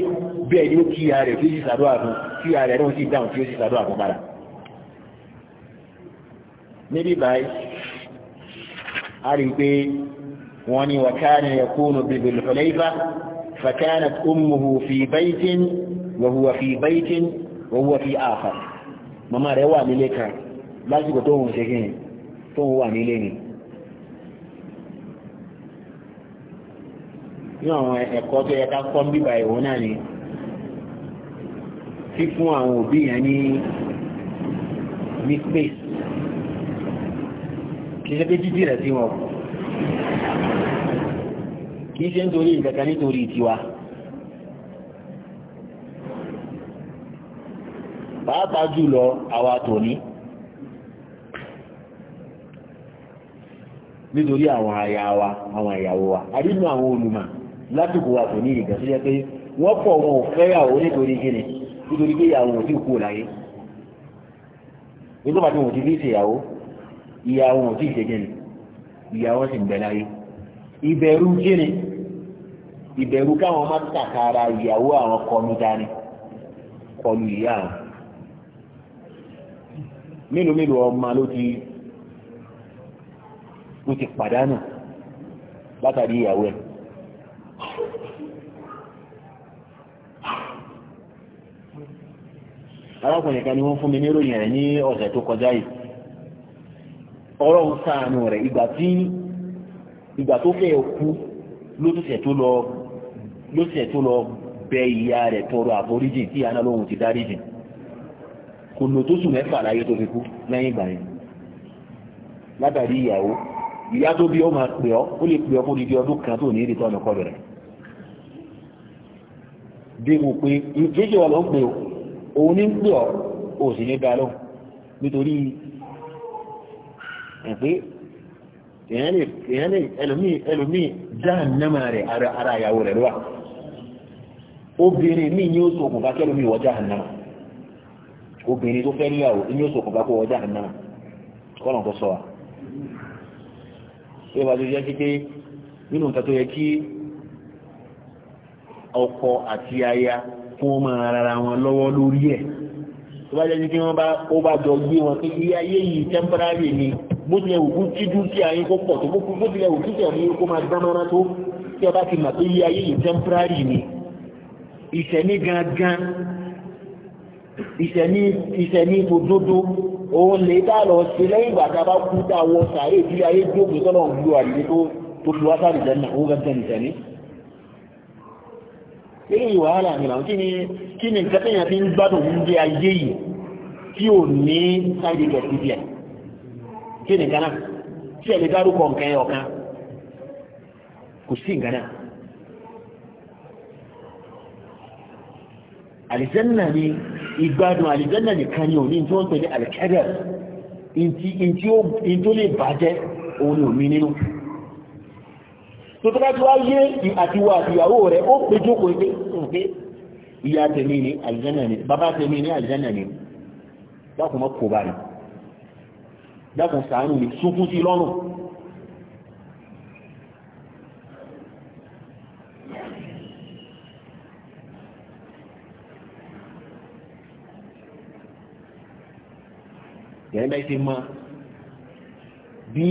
bẹ́ẹ̀ ni ó kí ìyá rẹ̀ tí ó sì sàdúrà fún kí ìyá rẹ̀ náà sì dáhùn tí ó sì sàdúrà fún padà níbí báyìí a rí pé wọ́n ni wa kana yakunu bil Hulayfa fa kanat ummuhu fi baytin wa huwa fi baitin wa huwa fi akhar màmá rẹ̀ wà nílé kan lásìkò tó ń ṣe kí ni tó ń wà nílé ni. ní àwọn ẹ̀kọ́ tó yẹ ká kọ́ bíbá ìwọ náà ni fífún àwọn òbí yẹn ní ní kì í ṣe pé jíjì rẹ̀ sí wọn kì í ṣe nítorí ìgbẹ̀kan nítorí tiwa. pàápàá jùlọ àwa tòní nítorí àwọn aya wa àwọn ìyàwó wa àdínú àwọn olùmọ̀ lásìkò wa tòní ìgbà tó jẹ́ pé wọ́n pọ̀ wọn ò fẹ́yàwó nítorí kíni nítorí pé ìyàwó ò tí kú láyé nígbà tí wọn ò ti fi ṣèyàwó ìyàwó ò tí ì ṣe ìyàwó sì ń bẹ láyé ìbẹ̀rù kíni ìbẹ̀rù káwọn má tàkàrà ìyàwó àwọn kọlu dání kọlu ìyá àwọn mélòó mélòó ọmọ ló ti ló ti pàdánù látàrí ìyàwó ẹ̀ arákùnrin kan ni wọ́n fún mi níròyìn rẹ̀ ní ọ̀sẹ̀ tó kọjá yìí ọlọ́run ṣàánú rẹ̀ ìgbà tí ìgbà tó fẹ́ kú lóṣìṣẹ́ tó lọ tó lọ bẹ ìyá rẹ̀ tọrọ àforíjì tí aná lóhun ti dáríjì kò lò tó sùn mẹ́fà láyé tó fi kú lẹ́yìn ìgbà yẹn látàrí ìyàwó ìyá tó bí ọ máa pè ọ ó lè pè ọ fún ibi ọdún kan tó ní èdè tó ọ̀nà kọ bẹ̀rẹ̀ bí mo pe ìkéjì wà ló ń pè ọ òun ní ń pè ọ ò sì ní dá lóhùn nítorí ẹ̀ pé èèyàn lè ẹlòmíì ẹlòmíì jahannama rẹ̀ ara ìyàwó rẹ̀ lọ́wà obìnrin míì ni ó sọ òkùnfà kẹlòmíì wọ jahannama obìnrin tó fẹ́ níyàwó inú oṣù kọ̀ọ̀kan kó wọjá àná kọ́nà kó sọ wa. ṣé wàá tó yẹ kí pé nínú nǹkan tó yẹ kí ọkọ àti aya fún ọmọ ara wọn lọ́wọ́ lórí ẹ̀ tó bá jẹ́ kí wọ́n bá ó bá jọ gbé wọn pé ilé ayé yìí tẹ́ḿpárárì ni bó tilẹ̀ òkú tí dúkìá yín kó pọ̀ tó bó tilẹ̀ òkú tí ẹ̀mí kó máa dámọ́ra tó tí ọba ti mà pé ilé ayé yìí tẹ́ḿpárárì ni ìṣẹ̀mí gangan ìṣẹ̀mí ìṣẹ̀mí òdodo òun lè dá lọ ṣe lẹ́yìn ìgbà tá a bá kú tá a wọ sàárè bí ayé jókòó tọ́lọ̀ ń lu àdìgbé tó tó fi wá sáré jẹ́ náà ó gẹ́gẹ́ nìṣẹ̀mí. lẹ́yìn wàhálà mi làwọn kí ni kí ni nǹkan tẹ̀yàn fi ń gbádùn ń dé ayé yìí tí ò ní sáré jọ sí díẹ̀ kí ni kan tí ẹ̀ lè dárúkọ nǹkan ọ̀kan kò sí nǹkan náà. náà ni ìgbádùn àlìjẹ́nà nìkan ni òní tí wọ́n ń pè ní àlìkẹ́dẹ̀ in tó lè bàjẹ́ òun ni òmí nínú tó tó bá tí wá àtiwà àtìyàwó rẹ̀ ó pé jókòó hmm, pé ìyá tèmi ní àlìjẹ́nà ni bàbá tèmi ní àlìjẹ́nà ni dákùn mọ́ kò bá ní dákùn ṣàánú ni sunkún sí lọ́rùn bẹ́ẹ̀ ti mọ́ bí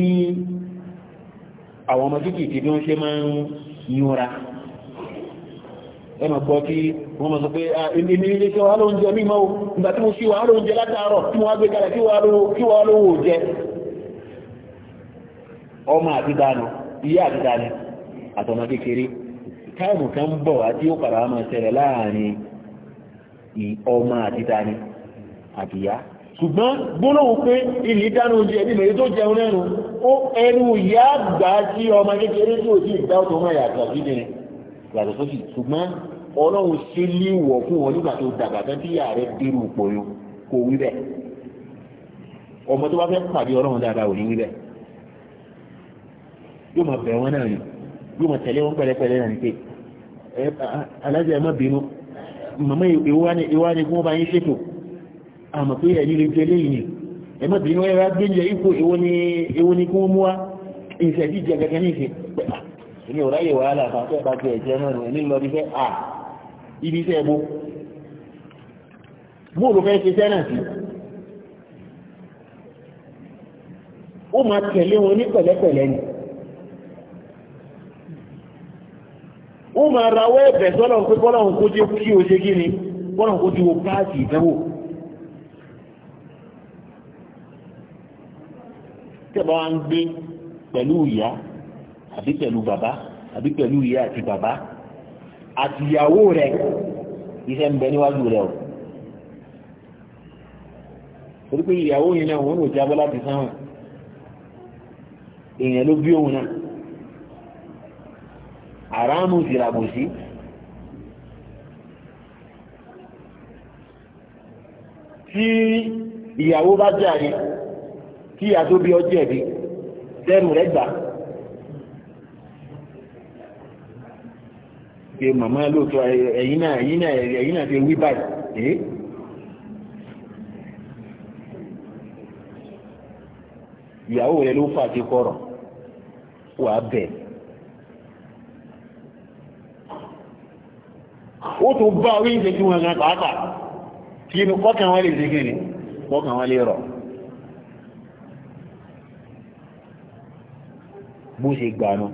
àwọn ọmọ kíkì tí bí wọ́n ṣe máa ń yúnra ẹmọ̀ gbọ́ kí wọ́n mọ̀ sọ pé ah, ilé ilé tí wọ́n lóúnjẹ mímọ́ o nígbà tí mo sí wọ́n lóúnjẹ látàárọ̀ tí wọ́n gbé kalẹ̀ wọ́n lówó jẹ ọmọ àtidánù iye àtidánù àtọmọ kékeré táìmù kan ń bọ̀ àti ó padà máa ṣẹlẹ̀ láàrin ọmọ àtidánù àtìyá ṣùgbọ́n gbólóhùn pé ilé dáná oúnjẹ ẹbí mẹ́rin tó jẹun lẹ́nu ó ẹnu ìyá àgbà tí ọmọ kékeré tó ti ìgbà ọ̀tọ̀ ọmọ ìyàtọ̀ síbi ni yàtọ̀ sósì ṣùgbọ́n ọlọ́run ṣe léwọ̀ fún wọn nígbà tó dàgbà tán tí ìyá rẹ̀ dérú ipò yìí kò wí bẹ́ẹ̀ ọmọ tó bá fẹ́ pàdé ọlọ́run dáadáa ò ní wí bẹ́ẹ̀ yóò máa bẹ̀ wọ́n náà ni yóò máa tẹ̀lé wọn pẹ̀lẹ́pẹ̀lẹ́ náà ni pé alájà ẹ má bínú màmá ìwá ni kí wọ́n bá yín ṣètò àmọ̀ pé ẹ̀yí lè jẹ léyìn ni ẹ̀mọ́ tí wọ́n yára gbé jẹ ipò èwo ni kí wọ́n mú wá ìṣẹ́ tí jẹ gẹ́gẹ́ ní ìṣẹ́ pẹ̀lá ní ọ̀rá yẹ̀ wàhálà àfáfẹ́ bá jẹ ẹ̀jẹ̀ náà rẹ̀ nílọ ní fẹ́ à ibi iṣẹ́ ah, ẹbú mú ló fẹ́ ṣe sẹ́nà sí ó máa tẹ̀lé wọn ní pẹ̀lẹ́pẹ̀lẹ́ ni ó máa rawọ́ ẹ̀bẹ̀ sọ́lọ̀ pé bọ́lọ̀ kó jẹ́ kí o ṣe kí ni bọ́lọ̀ kó ti wo páàkì ìdánwò tẹ̀bá wa ń gbé pẹ̀lú ìyá àbí pẹ̀lú bàbá àbí pẹ̀lú ìyá àti bàbá àti ìyàwó rẹ̀ iṣẹ́ ń bẹ níwájú rẹ̀ o torí pé ìyàwó yìí náà wọ́n ò jábọ́ láti sáwọn èèyàn ló bí òun náà àránù ìràbò tí ìyàwó bá jáde kí adóbi ọjọ́ ẹ̀bí tẹ́nu rẹ̀ gbà. pé màmá lóòótọ́ ẹ̀yìn náà ẹ̀yìn náà ẹ̀yìn náà ti wí báyìí. Eh? ìyàwó rẹ̀ ló fà ti kọ̀rọ̀ wàá bẹ̀. ó tún bá orí ìṣèjú wọn gan pàápàá kí inú kọ́kàn wọn lè ṣe kí ni kọ́kàn wọn lè rọ̀. bó ṣe gbà náà.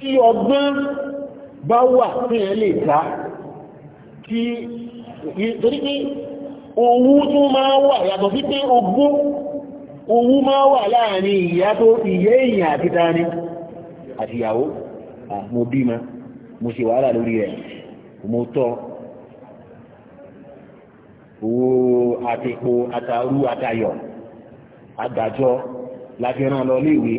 tí ọgbọ́n bá wà tí ẹ lè ta tí torí pé owó tó máa wà yàtọ̀ sí pé ogbó owó máa wà láàrin ìyá tó ìyẹ́ èèyàn àti tani àti ìyàwó mo bímọ mo ṣe wàhálà lórí rẹ̀ mo tọ́ owó àti epo àtàrú àtayọ̀ àgbàjọ láti ràn lọ léèwé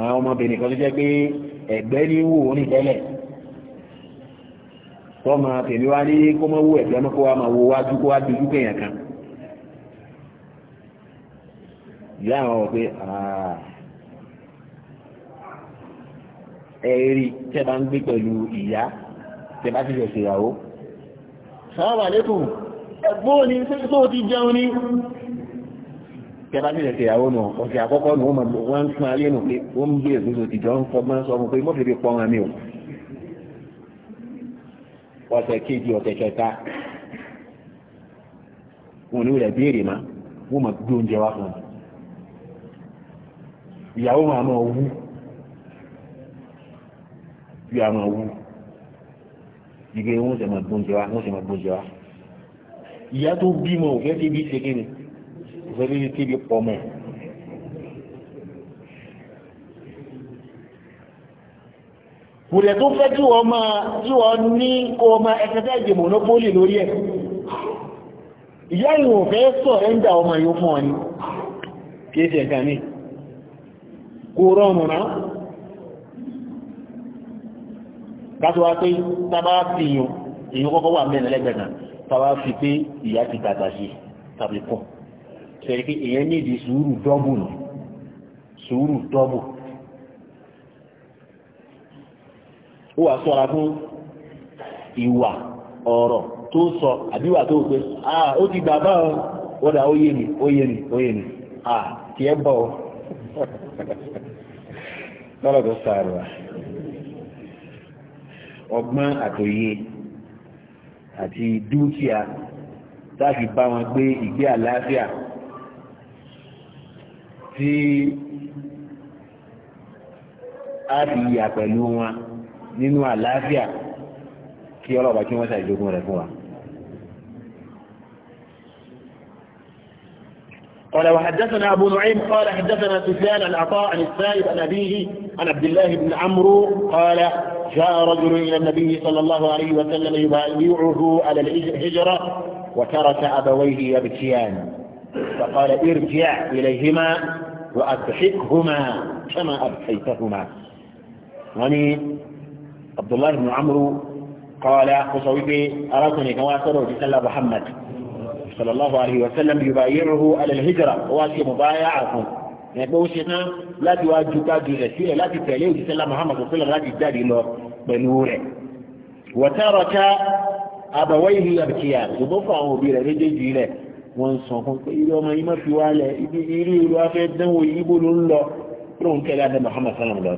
àwọn ọmọbìnrin kan tó jẹ́ pé ẹ̀gbẹ́ ní wò ó ní tẹ́lẹ̀ tọ́mọ tèmi wá ní kó mọ́ wó ẹ̀gbẹ́ mọ́ kó wá máa wo wájú kó wá dojú kẹ̀yàn kan ìyá àwọn ọ̀pẹ ẹ̀rí tẹ́ bá ń gbé pẹ̀lú ìyá tẹ̀bá ti ṣẹ̀ṣẹ̀ ìyàwó sáwàlékùn ẹgbóòní tó ti jẹun ní tẹ̀bá ti ṣẹ̀ṣẹ̀ ìyàwó nù ọ̀sẹ̀ àkọ́kọ́ nù wọ́n ń pín alé nù pé ó ń gbé ègbé ti jọ ń fọgbọ́n sọ fún pé mọ́ fèrè pọ́n àmì ò ọ̀sẹ̀ kejì ọ̀sẹ̀ kẹta wọn ní rẹ̀ béèrè má wọ́n mọ̀ gbé oúnjẹ wá fún ìyàwó máa máa wú bí a máa wú ìgbé wọn ṣe mọ̀ gbóúnjẹ wa wọn ṣe mọ̀ gbóúnjẹ wa ìyá tó bímọ òfẹ́ tí bí ṣe kéde òfẹ́ tí bí kéde pọ̀ mọ́ kùdẹ̀ tó fẹ́ kí wọ́n máa kí wọ́n ní kó o máa exercise monopoly lórí ẹ̀ ìyá ìwọ̀n fẹ́ sọ ẹ́ndà ọmọ yóò fún ọ ní kí é ṣe ẹ̀ka ní kó rọrùn náà kátó wá pé tábà fi yun èyí kọ́kọ́ wà mẹ́rin lẹ́gbẹ̀ẹ́ náà tábà fi pé ìyá ti tàtà sí tàbí pọ̀ sẹ́yìn pé èyẹ ní ìdí sùúrù dọ́bù nù sùúrù dọ́bù ó wà sọ́ra fún ìwà ọ̀rọ̀ tó sọ àbíwà tó pé ah ó ti gbà bá ọ wọ́dà ó mi ó mi ó mi ah kì í bọ̀ ọ́ lọ́rọ̀ tó ọgbọ́n àtòye àti dúkìá táàfi bá wọn gbé ìgbé àlàáfíà tí a fi yà pẹ̀lú wọn nínú àlàáfíà kí ọlọ́ọ̀bá kí wọ́n ṣàìjókòó rẹ̀ fún wa. قال وحدثنا أبو نعيم قال حدثنا سفيان عن عطاء عن السائب عن أبيه عن عبد الله بن عمرو قال جاء رجل إلى النبي صلى الله عليه وسلم يبايعه على الهجرة وترك أبويه يبكيان فقال ارجع إليهما وأضحكهما كما أبكيتهما يعني عبد الله بن عمرو قال خصوصي أراكني كما أسره محمد صلى الله عليه وسلم يبايعه على الهجرة واسي مبايعه ẹ̀pẹ́ ó ṣe tán láti wá ju kájú rẹ̀ sílẹ̀ láti tẹ̀lé òjíṣẹ́ lá Muhammad sọ́lá láti jáde lọ pẹ̀lú rẹ̀ wọ̀tẹ́rọ̀ ká àbàwọ́ ìlú àbíkíyà ṣùgbọ́n fún àwọn òbí rẹ̀ méjèèjì rẹ̀ wọ́n ń sọ fún pé ilé ọmọ yìí má fi wá lẹ̀ ibi irú ìlú afẹ́ dánwò yìí ló ń lọ lóun tẹ̀lé adé Muhammad sọ́lá lọ.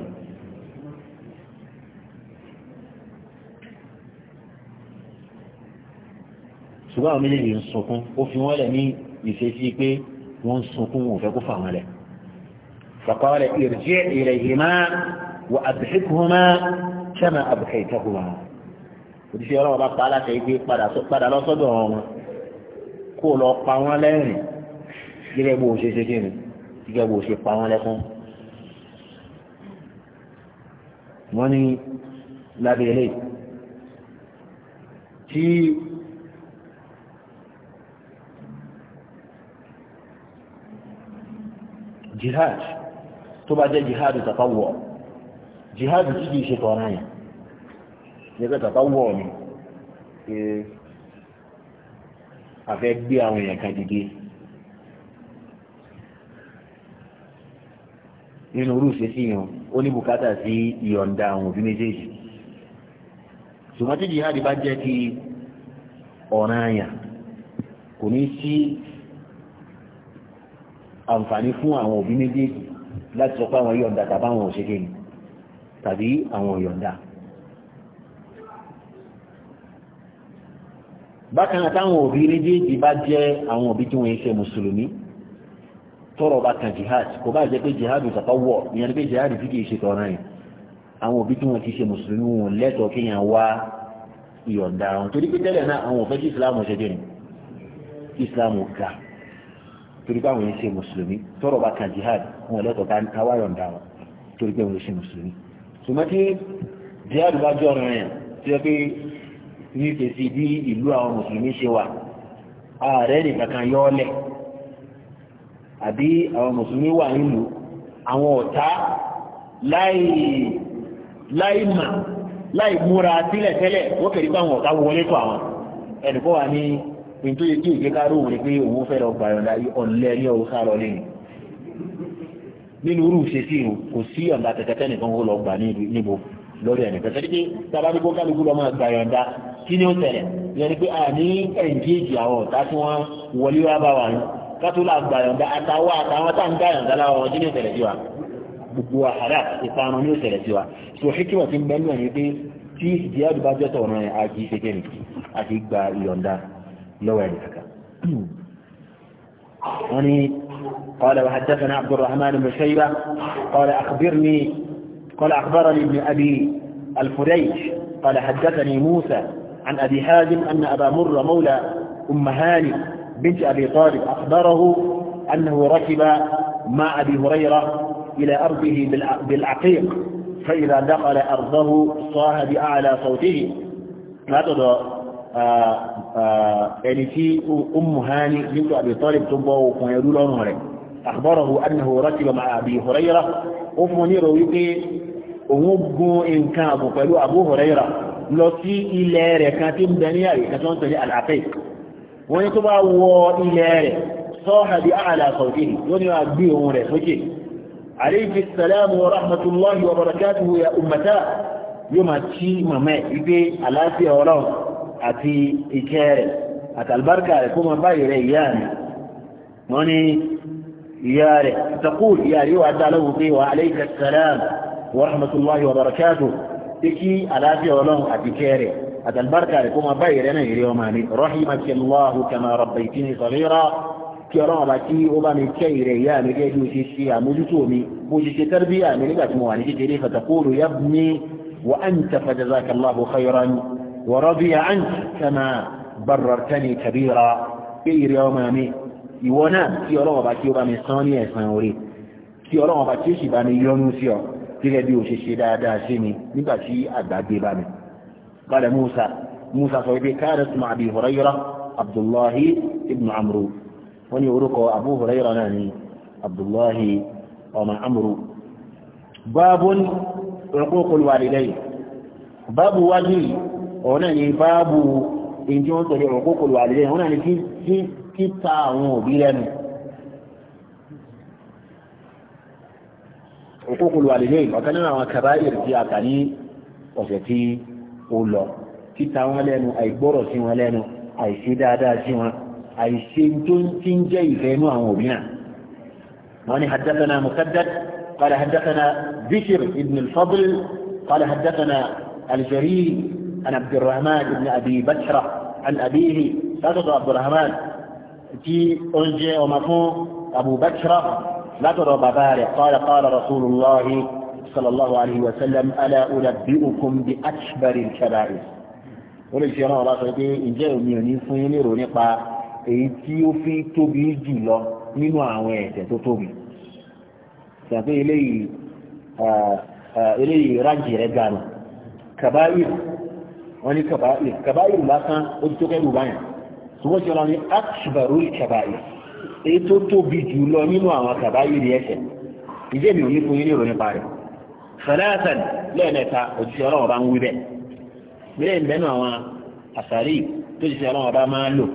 ṣùgbọ́n àwọn méjèèjì ń sunkún ó fi wọ́n lẹ̀ ní ìṣesí pé wọ́n ń sunkún òun fẹ́ kó fà wọ́n lẹ̀. فقال ارجع إليهما وأضحكهما كما أضحكتهما òdìsí ọlọ́wọ́ bá pa aláṣẹ yìí pé padà padà lọ sọ́dọ̀ wọn kó lọ pa wọn lẹ́rìn gẹ́gẹ́ bó o ṣe ṣe kíni gẹ́gẹ́ bó o ṣe pa wọn lẹ́kún. wọ́n ní lábẹ́ ilé tí jihad tó bá jẹ́ jihadu tatawọ̀ jihadu tí kìí ṣe tọ́ra yẹn jẹ́gbẹ́ tatawọ̀ ni pé àfẹ́ gbé àwọn èèyàn kan dìde nínú orúfẹ́ sí yàn ó ní bùkátà sí ìyọ̀ǹda àwọn òbí méjèèjì ṣùgbọ́n tí jihadi bá jẹ́ ti ọ̀ràn àyàn kò ní sí àǹfààní fún àwọn òbí méjèèjì láti sọ pé àwọn yọ̀ǹda tàbí àwọn òṣèké ni tàbí àwọn yọ̀ǹda. bákan náà táwọn òbí méjèèjì bá jẹ́ àwọn òbí tí wọ́n ṣe mùsùlùmí tọrọ bá kan jihad kò bá jẹ́ pé jihad ìsàpá wọ̀ ìyẹn pé jihad fi kìí ṣe tọ̀rọ̀ yẹn àwọn òbí tí wọ́n ti ṣe mùsùlùmí wọn lẹ́tọ̀ọ́ kéèyàn wá ìyọ̀ǹda wọn torí pé tẹ́lẹ̀ náà àwọn òfẹ́ sí islam ọ̀ṣẹ́jẹ́ ni islam ga torí báwọn yẹn ṣe mùsùlùmí tọrọ bá kan jihad wọn lẹ́tọ̀ọ́ ká wá yọ̀ǹda wọn torí pé wọn ṣe mùsùlùmí. ṣùgbọ́n tí jihad bá jọ ọ̀ràn yẹn tí wọ́n pé ní fèsì bí ìlú àwọn mùsùlùmí ṣe wà ààrẹ nìkan kan yọ ọ́ lẹ̀ àbí àwọn mùsùlùmí wà nílùú àwọn ọ̀tá láì láì mà láì múra sílẹ̀ tẹ́lẹ̀ wọ́n kẹ̀rí báwọn ọ̀tá wọlé tó àwọn ẹnìkọ́ nítorí tí ìjẹ́kárò wò ni pé òun fẹ́ lọ gbàyọ̀ǹda ọ̀lẹ́ ní ọ̀hún sá lọ lẹ́yìn nínú irú ìṣesí kò sí ọ̀nà kẹ̀kẹ́ nìkan kó lọ gbà níbo lórí ẹni pẹ̀sẹ̀ pé tábà ní kó kálukú lọ kí ni ó tẹ̀lẹ̀ ìyẹn ni pé a ní ẹ̀ǹgéèjì àwọn ọ̀tá tí wọ́n wọlé wá bá wa ní kátó là gbàyọ̀ǹda àtàwọn àtàwọn tá à ń gbàyọ̀ǹda láwọn ọdún ní ìṣẹ̀lẹ̀ sí wa gbogbo àhàrà ìparun ní ìṣẹ̀lẹ̀ sí wa so hikima ti ń bẹ́ẹ̀ ní pé tí ìjìyà bá jẹ́ àti ìṣẹ́kẹ́ni àti gba ìyọ̀ǹda لو حكا يعني قال وحدثنا عبد الرحمن بن شيبة قال أخبرني قال أخبرني ابن أبي الفريش قال حدثني موسى عن أبي حازم أن أبا مر مولى أم هاني بنت أبي طالب أخبره أنه ركب مع أبي هريرة إلى أرضه بالعقيق فإذا دخل أرضه صاه بأعلى صوته هذا ẹni tí Ummu Hani bint Abi Talib tó bọ́ okùn ẹrú lọ́rùn rẹ̀ akhbarahu annahu rakiba ma'a Abi Hurayrah ó fún ní rò wípé òun gun nǹkan àbò pẹ̀lú Abu Hurayrah lọ sí ilẹ̀ rẹ̀ kan tí ń bẹ ní àyè ń tẹ̀lé àlàfẹ́ àti ìkẹ́ ati albarka rẹ̀ kó ma bá ìrẹ̀ ìyá rẹ̀ wọ́n ni ìyá rẹ̀ taqul ìyá rẹ̀ wà dá lọ́wọ́ pé wa alayka salam wa rahmatullahi wa barakatuh iki kí wa lahu àti kere ati albarka rẹ̀ kó ma bá ìrẹ̀ náà ìrẹ̀ ọmọ mi rahimakallahu kama rabbaytini saghira kí ọlọ́run ọba tí ó bá mi kẹ́ ìrẹ̀ ni mi gẹ́gẹ́ bí ó ṣe ṣe àmójútó mi bó ṣe ṣe tarbiyya mi nígbà tí mo wà ní kékeré fataqulu yabni وأنت فجزاك الله خيراً ورضي عنك كما بررتني كبيرا كير يومامي ìwọ́nà tí ọlọ́wọ̀ bá tí ó bá mi sán ní ẹ̀sàn orí tí ọlọ́wọ̀ bá tí ó sì bá mi yọ́nú sí ọ gẹ́gẹ́ bí ó ṣe ṣe dáadáa sí mi nígbà tí àgbàgbé bá mi bada Musa Musa sọ wípé káàdà tó máa bí Hurayra Abdullahi ibn Amru wọ́n ní orúkọ Abu Hurayra náà ni Abdullahi ọmọ Amru babun uququl walidayn babu wájú ọ̀nà ni báàbù èyí tí wọ́n tẹ̀lé òkúkòlù àlejò ọ̀nà ni títa àwọn òbí lẹ́nu òkúkòlù àlejò ọ̀kan nínú àwọn kàbáyé tí a kà ní ọ̀sẹ̀ tí ó lọ títa wọn lẹ́nu àìgbọ́rọ̀ sí wọn lẹ́nu àìṣe dáadáa sí wọn àìṣe tó ti ń jẹ́ ìfẹ́ inú àwọn òbí náà wọ́n ni haddatana musaddad قال حدثنا بشر بن الفضل قال حدثنا الجرير عن عبد الرحمن بن أبي بكرة عن أبيه لاتضى عبد الرحمن تي أنجي ومفو أبو بكرة لاتضى بباري قال قال رسول الله صلى الله عليه وسلم ألا أنبئكم بأكبر الكبائر olùsí ọ̀nà ọ̀la sọ pé ǹjẹ́ omi ò ní fún yín lérò nípa èyí tí ó fi tóbi jù lọ nínú àwọn ẹ̀ṣẹ̀ tó wọ́n ní kàbáyìí kàbáyìí lásán ó ti tó kẹ́rù báyìí ṣùgbọ́n ṣe lọ ní akṣùbàrú kàbáyìí èyí tó tóbi jù lọ nínú àwọn kàbáyìí rí ẹ̀ṣẹ̀ ìdí mi ò ní fún yín ní ìròyìn parẹ́ sọláàtàn lẹ́ẹ̀mẹ́ta òṣìṣẹ́ ọlọ́wọ́ bá ń wí bẹ́ẹ̀ bẹ́ẹ̀ ń bẹ́nu àwọn àṣàrí tó ṣiṣẹ́ ọlọ́wọ́ bá máa ń lò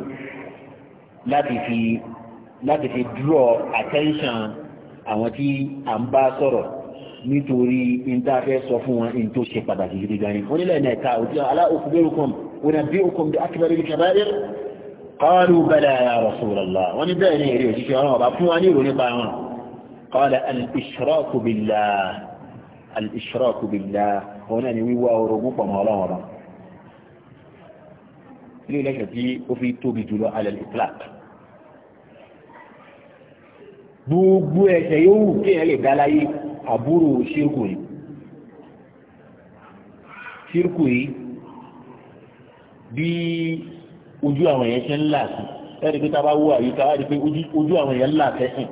láti fi láti fi draw attention àwọn tí à ń bá sọ̀rọ̀ nítorí ìdáfẹ́ sọ fún wọn in tó ṣe pàtàkì gidi gani onílẹ̀ mẹ́ta òtí aláòkúgbérùkùn wọn bí òkùn bí akíbẹ̀rẹ̀ bí kẹbẹ̀rẹ̀ qalu bala ya rasulallah wọ́n ní bẹ́ẹ̀ ní èrè òṣìṣẹ́ ọ̀rọ̀ bá fún wa ní ìròyìn bá wọn qala al-ishraku billah al-ishraku billah wọn náà ni wíwá orogún pọ̀mọ́ ọlọ́wọ́ bá ní ilẹ̀ṣẹ̀ tí ó fi tóbi jùlọ al-itlaq gbogbo ẹ̀ṣẹ̀ yóò wù kí ẹ lè dá láyé àbúrò ṣírkù yìí ṣírkù yìí bí ojú àwọn èèyàn ṣe ń là sí ẹ̀rí pé tábà wú àyíká ẹ̀rí pé ojú àwọn èèyàn là sẹ́sìn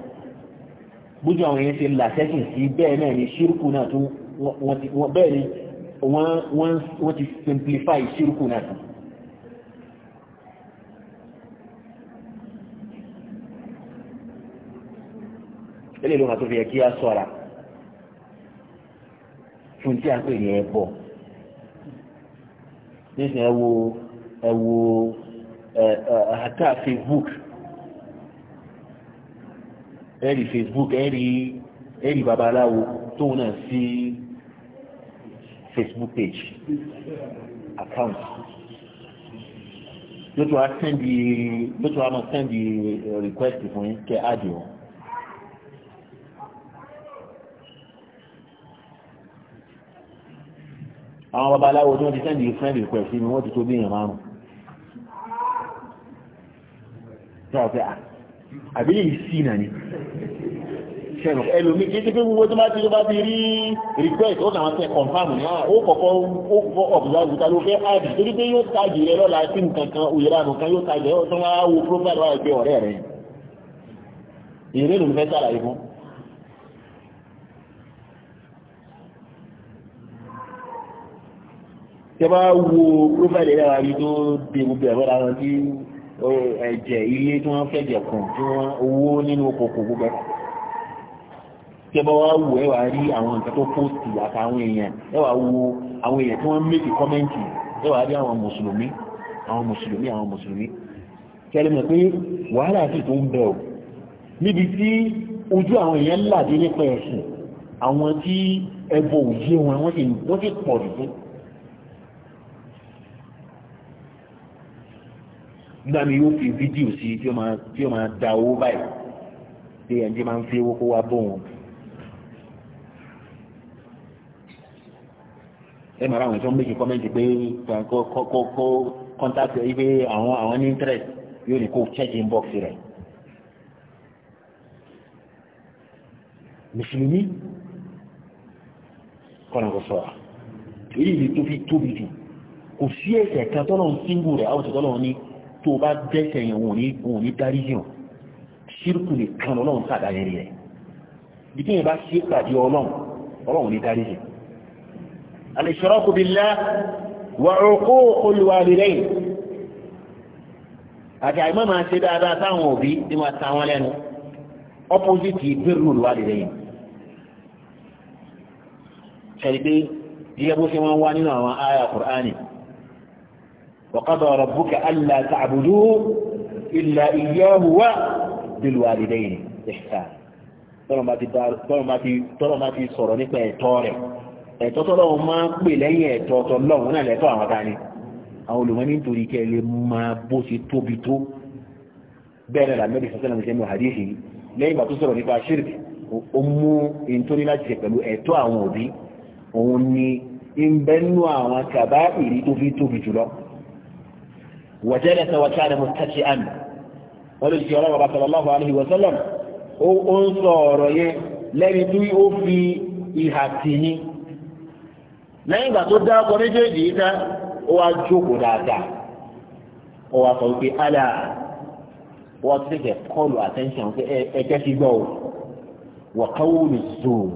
bójú àwọn èèyàn ṣe là sẹ́sìn sí bẹ́ẹ̀ náà ni ṣírkù náà tún wọ́n bẹ́ẹ̀ ni wọ́n ti simplify ṣírkù náà tún. eléyìí ló ma tó yẹ kí a sọ̀ra fún tí a pè ní ẹbọ nísìnyí ẹ wo ẹ wo Facebook ẹ rí Facebook ẹ rí ẹ rí babaláwo tóun náà sí Facebook page account lótú wa sẹ́ndì lótú wa máa sẹ́ndì request fún yín kẹ́ àdìọ́. àwọn babaláwo tí wọ́n ti sẹ́ndì friend request sí mi wọ́n ti tó bí èèyàn márùn tọ́ọ̀fẹ́ ah, àbílẹ̀ ìsì náà ni ṣẹ̀rọ ẹlòmí kí tí pé gbogbo tó bá ti rí request ó náà fẹ́ confirm ní ah, ó kọ̀kọ́ ó kọ́ ọ̀bùdáwù ta ló fẹ́ àbí torí pé yóò tàjì tẹ wo profile ẹ̀rọ àrí tó dé gbogbo ẹ̀rọ ara tí ẹ̀jẹ̀ ilé tí wọ́n fẹ̀jẹ̀ kàn tí wọ́n owó nínú okòkò gbogbo tẹ wá wo ẹ̀wà rí àwọn nǹkan tó post àtàwọn èèyàn ẹ̀wà wo àwọn èèyàn tí wọ́n make comment ẹ̀wà rí àwọn mùsùlùmí àwọn mùsùlùmí àwọn mùsùlùmí kẹlẹ́mọ̀ pé wàhálà sì tó ń bẹ̀ ọ́ níbi tí ojú àwọn èèyàn làdé nípa ẹ̀sìn àwọn tí ẹbọ òye wọn wọ́n sì pọ̀ jù fún nígbà mi yóò fi fídíò sí tí ó máa tí o máa da owó báyìí tí ẹnjẹ máa ń fi owó kó wá bò wọn. ẹ màrà àwọn ìṣọ́n méjì kọ́mẹ́ǹtì pé kó kọ́ńtàkì ẹ pé àwọn àwọn ní interest yóò ní kó check in box rẹ̀. mùsùlùmí kọ́nà kò sọ̀rọ̀ èyí ni tó fi tóbi jù kò sí ẹ̀sẹ̀ kan tọ́lọ́ síngù rẹ̀ àwòṣe tọ́lọ́ ní tó bá dẹ́ṣẹ̀ yẹn wọ́n ní dárí yàn ṣírkù lè kan ọlọ́run sàdá yẹn rẹ̀ bí kí yẹn bá ṣe pàdé ọlọ́run ọlọ́run ní dárí yàn al-ishraku billah wa uququl walidayn àti àìmọ́ máa ṣe dáadáa táwọn òbí ní máa ta wọn lẹ́nu opposite birrul walidayn ṣẹ̀rí pé díẹ̀ bó ṣe wọ́n wá nínú àwọn àyà Kùránì وقضى ربك ألا تعبدوه إلا إياه وبالوالدين إحسانا tọ́rọ máa ti sọ̀rọ̀ nípa ẹ̀tọ́ rẹ̀ ẹ̀tọ́ tọ́lọ́wọ́ máa ń pè lẹ́yìn ẹ̀tọ́ tọ́lọ́wọ́ náà lẹ́tọ́ àwọn tani àwọn olùmọ́ ní nítorí kẹ́ lè máa bó ṣe tóbi tó bẹ́ẹ̀rẹ̀ làmẹ́bí وجلس وكان متكئا olùsí ọlọ́run ọba sallallahu alaihi wa sallam ó ń sọ ọ̀rọ̀ yẹn lẹ́ni tí ó fi ìhà tì ní lẹ́yìn ìgbà tó dá ọkọ méjèèjì yìí tán ó wá jókòó dáadáa ó wá sọ wípé ala wọ́n ti tẹ̀ kọlù attention pé ẹjẹ́ ti gbọ́ o wọ́n káwó lè zòòrò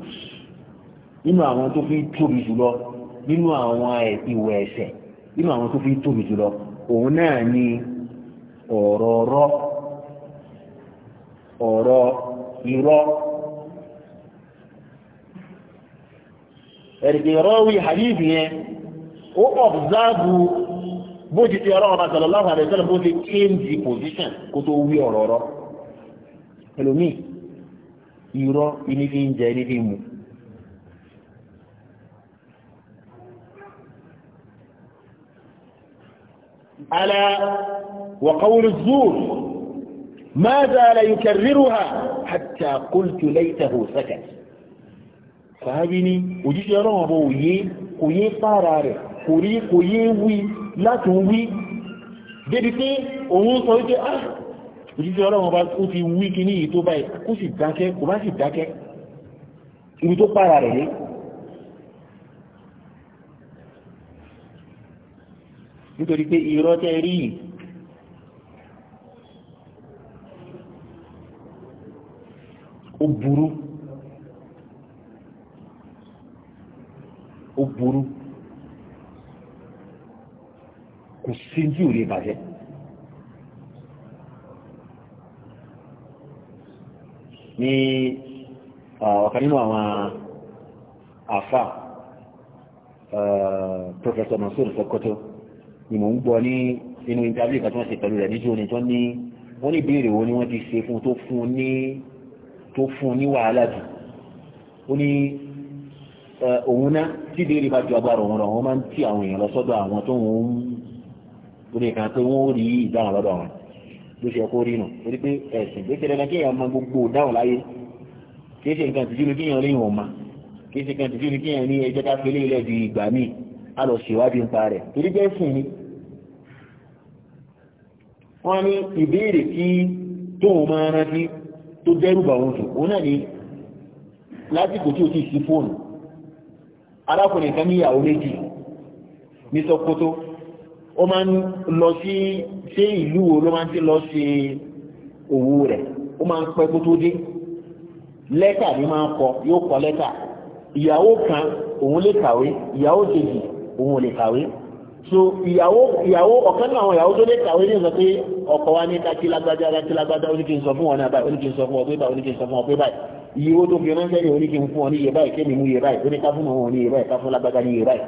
nínú àwọn tó fi tóbi jùlọ nínú àwọn ìwẹ̀ ẹ̀ṣẹ̀ nínú àwọn tó fi tóbi jùlọ. òun náà ni ọ̀rọ̀ rọ́ ọ̀rọ̀ irọ́ ẹ̀rìgbè rọ́wí hadith yẹn ó ọ̀bùzáàbù bó ti ti ọ̀rọ̀ ọ̀rọ̀ sallallahu alaihi wasallam bó ti change position kó tó wí ọ̀rọ̀ rọ́ ألا وقول الزور ما زال يكررها حتى قلت ليته سكت فهذه ني وجيش يرون أبو يي كوي طارار كوري كوي وي لا توي débi pé òun sọ wípé ah òjíṣẹ́ ọlọ́run bá ó ti wí kí ní ìyí tó báyìí kó sì dákẹ́ kò bá sì dákẹ́ ibi tó pààrà rẹ̀ nítorí pé irọ́ tẹ́ rí yìí ó burú ó burú kò sí tí ò lè bàjẹ́. ní ọ̀kan nínú àwọn àfà Professor Mansour Sokoto ni mò ń gbọ́ ní inú interview kan tí wọ́n ṣe pẹ̀lú rẹ̀ níjó ni tó ní wọ́n ní ìbéèrè wo ni wọ́n ti ṣe fún tó fún ní tó fún ní wàhálà jù ó ní òun náà tí ìbéèrè bá ju agbára òun lọ wọ́n máa ń tì àwọn èèyàn lọ sọ́dọ̀ àwọn tó ń ó lè kàn pé wọ́n rí ìdáhùn lọ́dọ̀ wọn ló ṣe kó rí nù torí pé ẹ̀sìn gbèsè dandan kéèyàn mọ gbogbo ìdáhùn láyé kì nǹkan tìjú ni kéèyàn rí ìwọ̀n ma kì nǹkan tìjú ni kéèyàn ní ẹjẹ́ ká fi ilé ilẹ̀ ìgbà míì a lọ ṣèwádìí ń pa rẹ̀ torí jẹ́ sìn ni wọ́n ní ìbéèrè tí tóun máa rántí tó dẹ́rùbà òun jù òun náà ni lásìkò tí o ti sí fóònù arákùnrin kan níyàwó méjì ní Sókótó ó máa ń lọ sí ṣé ìlú wo ló máa ń ti lọ ṣe òwò rẹ̀ ó máa ń pẹ́ kó tó dé lẹ́tà ni máa ń kọ yóò kọ lẹ́tà ìyàwó kan òun lè kàwé ìyàwó kejì òun ò lè kàwé so ìyàwó ìyàwó ọ̀kan náà àwọn ìyàwó tó lè kàwé ní ìsọ pé ọkọ wa ní kákí lágbájá láti lágbájá oníkì ń sọ fún wọn náà báyìí oníkì ń sọ fún ọ pé báyìí oníkì ń sọ fún ọ pé báyìí iye owó tó fi ránṣẹ́ ní oníkì ń fún ọ ní iye báyìí kémi mú iye báyìí ó ní ká fún òun ní iye báyìí ká fún lágbájá ní iye báyìí.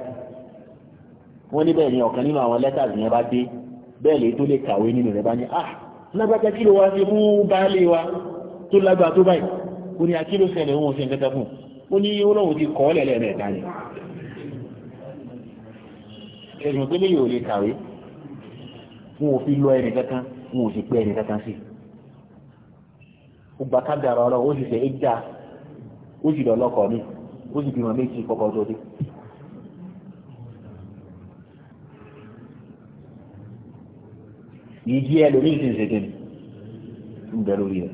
wọ́n ní ni ọ̀kan nínú àwọn lẹ́tà yẹn bá dé bẹ́ẹ̀ lè tó lè kàwé nínú rẹ̀ bá ní ah lágbájá kí ló wá ṣe fún baálé wa tó lágbá tó báyìí ó ní akíló ṣẹlẹ̀ òun ò ṣe nǹkan kan fún ó ní ó ti kọ́ lẹ̀lẹ́ rẹ̀ dání ẹ̀sìn òpélé yìí ò lè kàwé wọn ò fi lọ ẹnì kankan wọn ò sì pé ẹnì kankan sí ó gba kádàrá ó sì fẹ́ é já ó sì lọ lọ́kọ̀ọ́ mi ó sì bímọ méjì kọ́kọ́ tó dé. ìdí ẹ lórí ìsinsìnkì ń bẹ lórí rẹ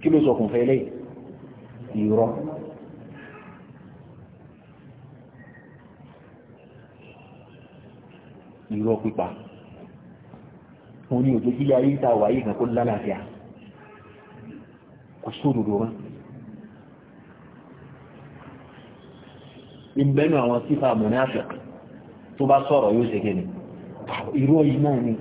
kí ló sọ kùn fẹ́ lẹ́yìn irọ́. irọ́ pípa òun ni òjò jílé ayé ta wáyé kan kó lálàáfíà kò sódòdó rán ìbẹ́nu àwọn sífà mọ̀náfẹ́ tó bá sọ̀rọ̀ yóò ṣe kéde irọ́ yìí náà ni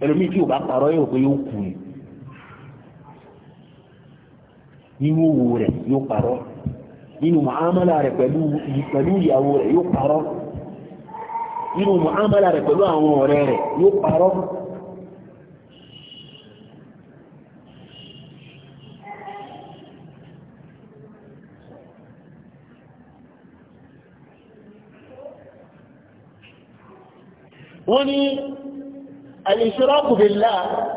ẹlòmíì tí ò bá parọ́ yóò pé yóò kù ni nínú owó rẹ̀ yóò parọ́ nínú mu'amala rẹ̀ pẹ̀lú pẹ̀lú ìyàwó rẹ̀ yóò parọ́ nínú mu'amala rẹ̀ pẹ̀lú àwọn ọ̀rẹ́ rẹ̀ yóò parọ́ wọ́n ní al-ishraku billah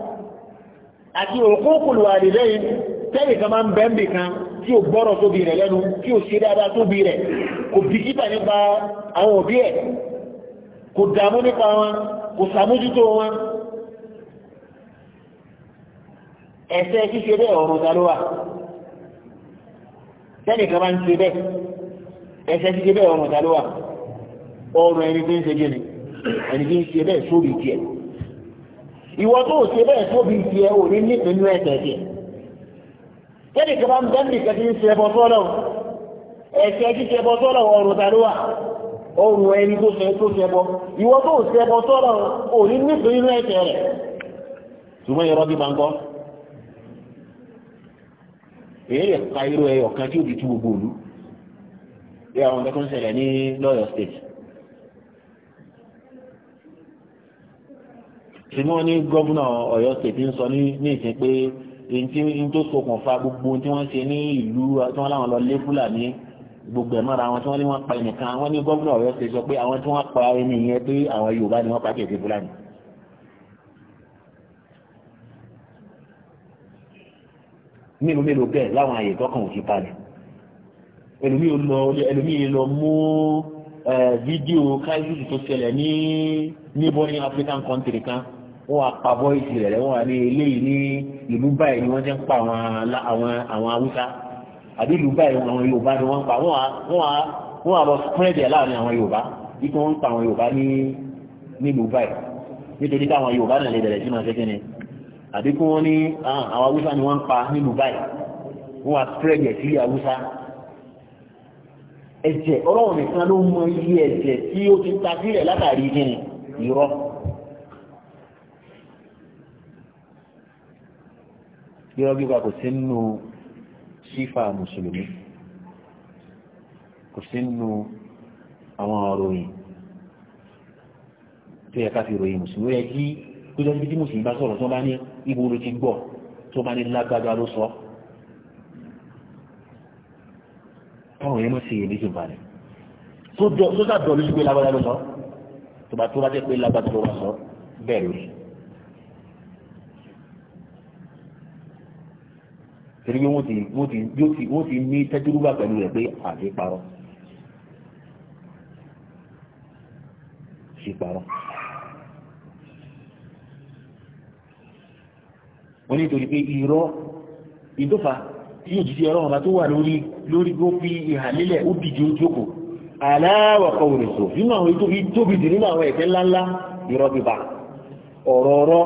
àti huququl walidayn tẹ́lẹ̀ kan máa ń bẹ́ ń bì kan tí ó gbọ́rọ̀ tóbi rẹ̀ lẹ́nu tí ó ṣe dáadáa tóbi rẹ̀ kò bìkítà nípa àwọn òbí ẹ̀ kò dààmú nípa wọn kò sàmójútó wọn ẹ̀ṣẹ̀ ṣíṣe bẹ́ẹ̀ ọ̀rọ̀ ta ló kan máa ń ṣe bẹ́ẹ̀ ẹ̀ṣẹ̀ ṣíṣe bẹ́ẹ̀ ọ̀rọ̀ ta ló ẹni tí ń ṣe jẹ́ ni ẹni tí ń ṣe bẹ́ẹ̀ sórí tiẹ̀ ìwọ tó ò ṣe bẹ́ẹ̀ tóbi ti ẹ ò ní nípìn inú ẹ̀sẹ̀ tiẹ̀ tẹ́lẹ̀ kí wọ́n bẹ́ẹ̀ nìkan ti ń ṣe ẹbọ sọ́lọ̀ ẹ̀sẹ̀ ti ṣe ẹbọ sọ́lọ̀ ọ̀rùn ta ló wà ọ̀rùn ẹni tó ṣe tó ṣe ẹbọ ìwọ tó ò ṣe ẹbọ sọ́lọ̀ ò ní nípìn inú ẹ̀sẹ̀ rẹ̀ ṣùgbọ́n ìrọ́ bí máa ń kọ́ èyí lè ka irú ẹyọ kan tí ó di tú gbogbo òlu bí àwọn ọ̀dọ́ tó ṣẹlẹ̀ ní lọ́yọ̀ state ṣùgbọ́n wọ́n ní gọ́vùnà ọ̀yọ́ tètè ń sọ ní ìsìn pé ní tó ṣokùnfà gbogbo tí wọ́n ṣe ní ìlú tí wọ́n láwọn lọ lé fúlàní gbogbo ẹ̀ mọ́ra àwọn tí wọ́n ní wọ́n pa ẹnìkan wọ́n ní gọ́vùnà ọ̀yọ́ tètè sọ pé àwọn tí wọ́n pa ẹni yẹn pé àwọn yorùbá ni wọ́n pa kẹ̀kẹ́ fúlàní. mélòó mélòó bẹ́ẹ̀ láwọn àyè tọkàn òsì balẹ̀ ẹlòmí ò lọ ẹlòmí lọ mú fídíò káyọ̀tù tó ṣẹlẹ̀ ní neighboring African country kan wọ́n wá pa bọ́ìsì rẹ̀ wọ́n wá ní eléyìí ní ìlú báyìí ni wọ́n ti ń pa àwọn haúsá àbí ìlú báyìí àwọn yorùbá ni wọ́n ń pa wọ́n wá lọ spread ẹ̀ láàrin àwọn yorùbá ikú wọ́n ń pa àwọn yorùbá ní ìlú báyìí nítorí káwọn yorùbá náà lè bẹ̀rẹ̀ sí máa ṣe kíni àbí kí wọ́n ní àwọn haúsá ni wọ́n ń pa nílùú báyìí wọ́n wá spread ẹ̀ sí haúsá ẹ̀jẹ̀ ọlọ́run nìkan ló mọ iye ẹ̀jẹ̀ tí ó ti ta sílẹ̀ látàrí kíni irọ́ irọ́ gbígbà kò sí nínú sífà mùsùlùmí kò sí nínú àwọn ọ̀ròyìn tó yẹ ká fi ròyìn mùsùlùmí yẹ kí tó jẹ́ ibi tí mùsùlùmí bá sọ̀rọ̀ tó bá ní ibo ló ti gbọ́ tó bá ní lágbájá ló sọ táwọn èèyàn mọ̀ sí èyí méjì balẹ̀ tó sàdọ̀ pé lágbájá ló sọ tó bá tó bá jẹ́ pé lágbájá ló sọ bẹ́ẹ̀ lórí. torí pé wọ́n ti wọ́n ti yóò ti wọ́n ti ní tẹ́júrúbà pẹ̀lú rẹ̀ pé àti parọ́ sí parọ́. wọ́n ní torí pé irọ́ ìdófà tí yóò jíjẹ ọlọ́run bá tó wà lórí lórí tó fi ìhà lélẹ̀ ó dìde ó jókòó aláwọ̀kọ̀ òrìṣò nínú àwọn tóbi jù nínú àwọn ẹ̀fẹ́ ńláńlá irọ́ bíbá ọ̀rọ̀ ọ̀rọ̀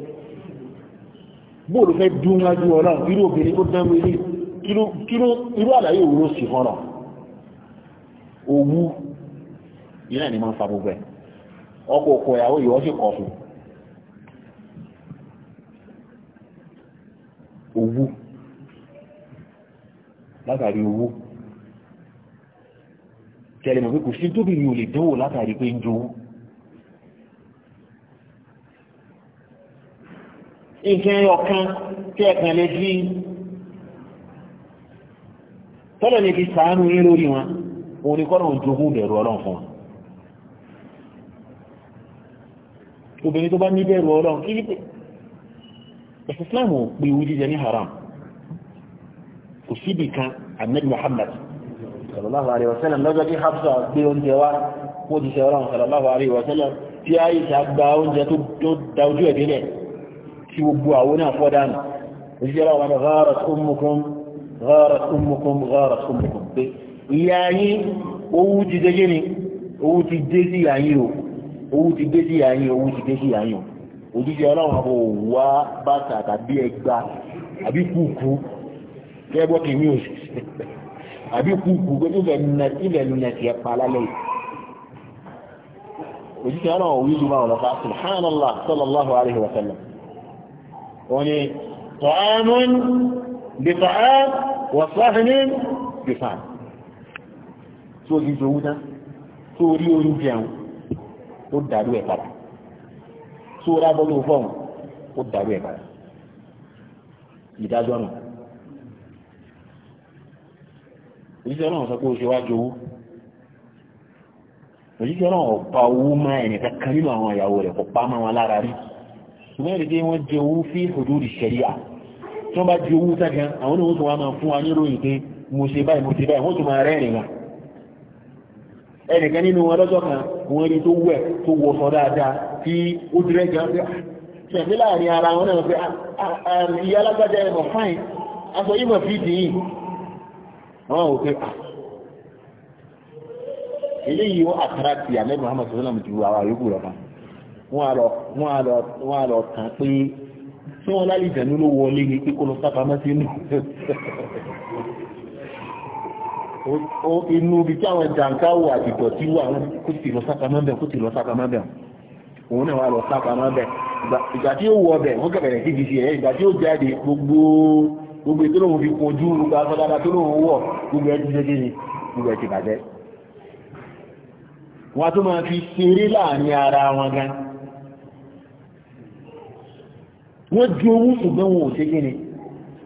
bóòlù fẹ́ dún wájú ọlọ́run irú obìnrin ó dánwó ilé irú àlàyé òwúrò sì fọ́nà owú iná ni máa ń fa gbogbo ẹ̀ ọkọ̀ ọkọ̀ ìyàwó ìwọ́ sì kọ̀ fún owú látàrí owú tẹlẹmọ̀ pé kò sí tóbi ní olè dánwò látàrí pé ń jowó nǹkan ọ̀kan tí ẹ̀kàn lè dí tọ́lọ̀ lè fi sàánú yín lórí wọn òun ni kọ́nà òjògùn bẹ̀rù ọlọ́run fún wọn obìnrin tó bá ní bẹ̀rù ọlọ́run kí ní pé ẹ̀sìn Islam ò pé ewu jíjẹ ní haram kò síbi kan ahmed muhammad sallallahu alaihi wasallam lọ́jọ́ tí hafsa gbé tí gbogbo àwọn náà fọ́ dánù òṣìṣẹ́lá wọn gáàrà ummukum gáàrà ummukum gáàrà ummukum pé ìyá yín owó ti dé gíní owó ti dé sí ìyá yín o owó ti dé sí ìyá yín owó ti dé sí ìyá yín o òjíṣẹ́ ọlọ́run àbò wá bàtà tàbí ẹgbà àbí kùkù kẹ́gbọ́ òjíṣẹ́ ọlọ́run òwúlù máa ọ̀lọ́fà subhanallah sallallahu alaihi wa sallam òun ni tọ́ámún bí tọ́ám wọ̀sọ́hìní bí fàn tó di jòwú tán tó rí orí jẹun ó dàrú ẹ̀ padà tó rábọ́ ló fọ́hùn ó dàrú ẹ̀ padà ìdájọ́ nù òjíṣẹ́ ọlọ́run sọ pé ó ṣe wá jowú òjíṣẹ́ ọlọ́run ọ̀pá owó máa ẹnìkan kan nínú àwọn ìyàwó rẹ̀ kò pa máa wọn lára rí ṣùgbọ́n èdè wọn jẹ owó fi hudud ṣẹ̀ríà tí wọ́n bá jẹ owó tágan àwọn oníwọ̀n tó wá máa fún wa ní ròyìn pé mo ṣe báyìí mo ṣe báyìí wọ́n tó máa rẹ́rìn wa ẹnìkan nínú wọn lọ́jọ́ kan òun ẹni tó wẹ̀ tó wọ sọ dáadáa tí ó dirẹ́ gan pé ah, ṣẹ̀fí láàrin ara wọn náà ah, ah, wọ́n á lọ tàn pé tí wọ́n lálìjẹ̀ ní ló wọlé ní pé kó lọ sápamọ́ sí inú inú bí tí àwọn jàǹkáwò àdìgbọ̀ tí wà wọ́n kó ti lọ sápamọ́ bẹ̀ kó ti lọ sápamọ́ bẹ̀ òun náà wà lọ sápamọ́ bẹ̀ ìgbà tí ó wọ ọbẹ̀ wọ́n kẹ̀kẹ̀rẹ̀ sí fi ṣe ẹ̀ ìgbà tí ó jáde gbogbo gbogbo ètò lòun fi kojú gbogbo afọ́dára tó lòun wọ̀ gbogbo ẹ̀ ti ṣe máa fi ṣeré láàrin ara wọn gan-an wọ́n ju owó ṣùgbọ́n wọn ò ṣe kí ni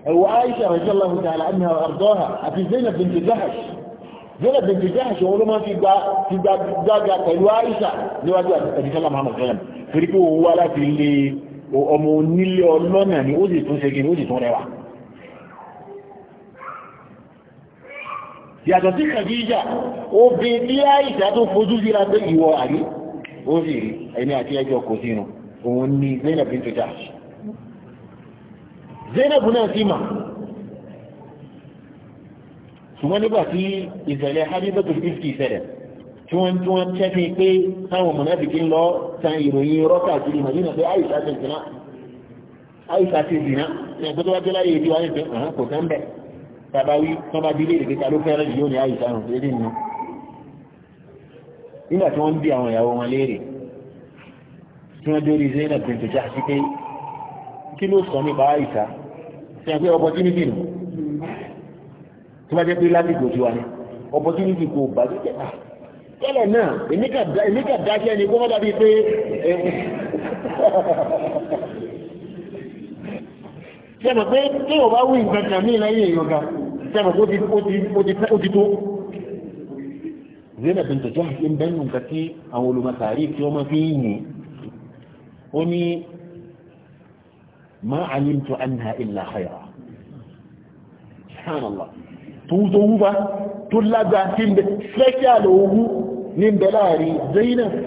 ẹ̀wọ̀ Aisha radiyallahu ta'ala anha àrùdọ́hà àti Zainab bint Jahash Zainab bint Jahash wọn ló máa fi gba fi gba gbága pẹ̀lú Aisha níwájú àti sọ́lá Muhammad sọ́lá torí pé òun wá láti ilé ọmọ onílé ọlọ́nà ni ó sì tún ṣe kí ni ó sì tún rẹwà yàtọ̀ sí kàdíjà obìn tí àìsà tó fojú síra pé ìwọ àrí ó sì rí ẹni àti ẹjọ́ kò sínú òun ni zainab bin tujash Zainab náà sì mà ṣùgbọ́n nígbà tí ìṣẹ̀lẹ̀ hadibatu fifty ṣẹlẹ̀ tí wọ́n tí wọ́n tẹ́ fi pé táwọn mọ̀nàbìkì ń lọ tan ìròyìn rọ́kà àti ìmọ̀lẹ́nà pé àìsà ti zina àìsà ti zina ní ẹgbẹ́ tó wá jẹ́ láyé ìdí wáyé pé àwọn kò tẹ́ ń bẹ̀ tàbá wí tán bá dílé ìdíkẹ́ ta ló fẹ́rẹ́ yóò ní àìsà rùn lédè nù nígbà tí wọ́n ń bí àwọn ìyàwó wọn léèrè tí wọ́n dórí Zainab bint Jahsh pé kí ló sọ nípa àìsà ṣe pé opportunity nù tó bá jẹ́ pé lásìkò tiwa ni opportunity kò bá jẹ́ pẹ̀lá tẹ́lẹ̀ náà èmi kà dáṣẹ́ ni kó má dàbí pé sẹ́mọ̀ pé tí ò bá wí nǹkan kan ní ilẹ̀ èèyàn ga sẹ́mọ̀ pé ó ti tó Zainab bint Jahsh ń bẹ́nu nǹkan tí àwọn olùmọ̀tàrí tí wọ́n máa fi ń yìn ó ní ما علمت عنها إلا خيرا سبحان الله توزوبة تلقى تنبت سكالوه من بلاري زينب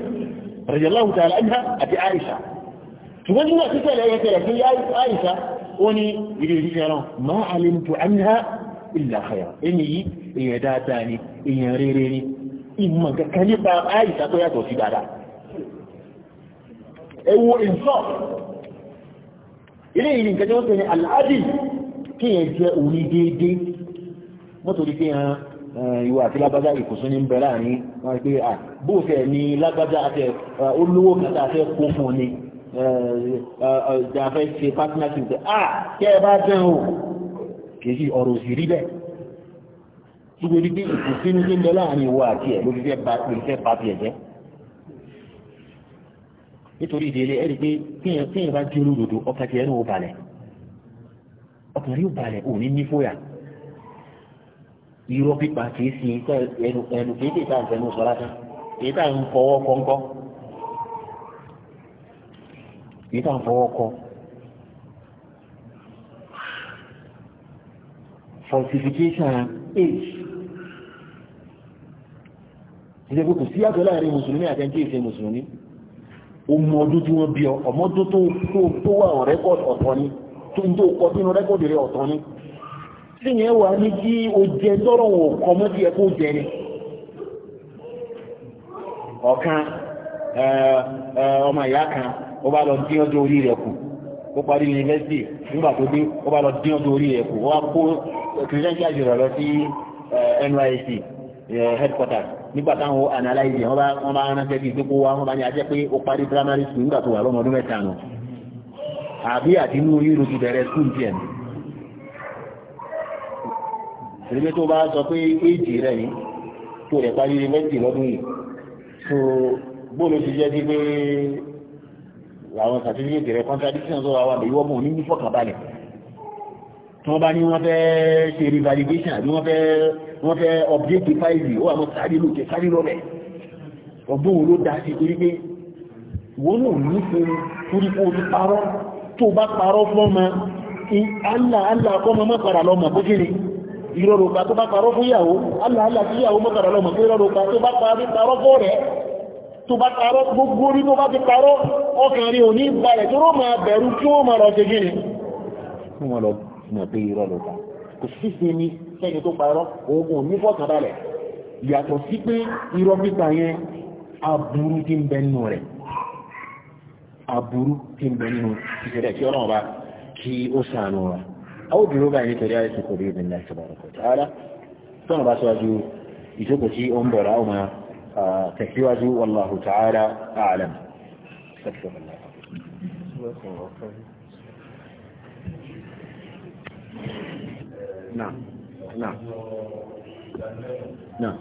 رضي الله تعالى عنها أبي عائشة تقول لنا تسأل أي يا عائشة وني يريد ما علمت عنها إلا خيرا إني داتاني إيه ريريني إما كان يبقى عائشة تويا توسي دادا أو إنصاف ilé yìí nìkan tí wọ́n pè ní aláàdì kí yẹn jẹ́ orí déédéé mọ́tò rí fi hàn ìwà àti lágbájá ìkùsùn ní ń bẹ láàrin wọn pé à bóòfẹ́ ní lágbájá àti eh, olówó kàtà àfẹ́ kó fún ni àfẹ́ eh, eh, ṣe partnership tẹ́ à kẹ́ ẹ bá dán o kìí sí ọ̀rọ̀ òsì rí bẹ́ẹ̀ ṣùgbọ́n ní pé ìkùsùn ní ń bẹ láàrin ìwà àti ẹ̀ ló fi fẹ́ bá tiẹ̀ jẹ́ nítorí ìdílé ẹ̀rí pé kíyàn kíyàn bá jí olódodo ọkàn tiẹ̀ ní o balẹ̀ ọkàn rí o balẹ̀ ò ní ní fóyà irọ́ pípa kìí sin ẹnu ẹnu kìí tètè àǹtẹ̀ ní oṣù aláta kìí tà ń fọwọ́ kọ́ńkọ́ kìí tà ń fọwọ́ kọ́ falsification age ìṣègùn kò sí àtọ́ láàrin mùsùlùmí àti ẹni tí ì ṣe ọmọ ọdún tí wọ́n bí ọ ọmọ ọdún tó wà ọ̀ rẹ́kọ̀dì ọ̀tọ̀ ni tó ń tó kọ́ sínú rẹ́kọ̀dì rẹ̀ ọ̀tọ̀ ni tí yẹn wà ní kí o jẹ tọ́rọ̀ wọn kọ mọ́ tí ẹ kó jẹ ni ọ̀kan ọmọ ìyá kan ó bá lọ dín ọjọ́ orí rẹ̀ kù ó parí yunifásitì nígbà tó dé ó bá lọ dín ọjọ́ orí rẹ̀ kù ó kó kìrìsẹ́ńtì àjùrọ̀ lọ sí NYSC headquarters nígbà táwọn analyze wọn bá wọn bá ránṣẹ́ bíi pé kó wá wọn bá ní ajẹ́ pé ó parí primary school nígbà tó wà lọ́mọ ọdún mẹ́ta nù àbí àdínú yìí ti bẹ̀rẹ̀ school díẹ̀ nù. ìrìnbẹ́ tó bá sọ pé éèjì rẹ̀ yìí tó rẹ̀ parí yunifásitì lọ́dún yìí so bóòlù ti jẹ́ sí pé àwọn certificate rẹ̀ contradiction sọ̀rọ̀ àwọn àbẹ̀yẹ́wọ́ mọ̀ ní fọkànbalẹ̀ tí wọ́n bá ní wọ́n fẹ́ ṣe revalidation àbí wọ́n fẹ́ wọ́n fẹ́ update fáìlì ó àwọn sáré lókè sáré lọ́bẹ̀ ọgbọ́n wo ló dá sí torí pé wọ́n náà ní fún torí pé o parọ́ tó bá parọ́ fọ́mọ Allah Allah kọ́mọ má padà lọ́mọ bó kí ni ìrọ̀rùpa tó bá parọ́ fún ìyàwó Allah Allah tí ìyàwó má padà lọ́mọ pé ìrọ̀rùpa tó bá parọ́ fọ́ rẹ̀ tó bá parọ́ gbogbo orí tó bá ti parọ́ ọkàn rí òní balẹ̀ tó rọ́ máa bẹ̀rù kí wọ́n máa lọ mọ̀ pé irọ́ ló pa kò síse ní sẹ́ni tó parọ́ ogun ní fọ́kànbalẹ̀ yàtọ̀ sí pé irọ́ pípa yẹn aburú tí ń bẹ nínú rẹ̀ aburú tí ń bẹ nínú ìṣẹ̀lẹ̀ tí ọlọ́run bá kí ó sànù wa a ó dúró báyìí nítorí àìsàn kò rí ìbìnrin láti bọ̀ tọ́nà bá síwájú ìjókòó tí ó ń bọ̀ ráwọ̀ tẹ̀síwájú wallahu ta'ala a'lam. Thank náà náà náà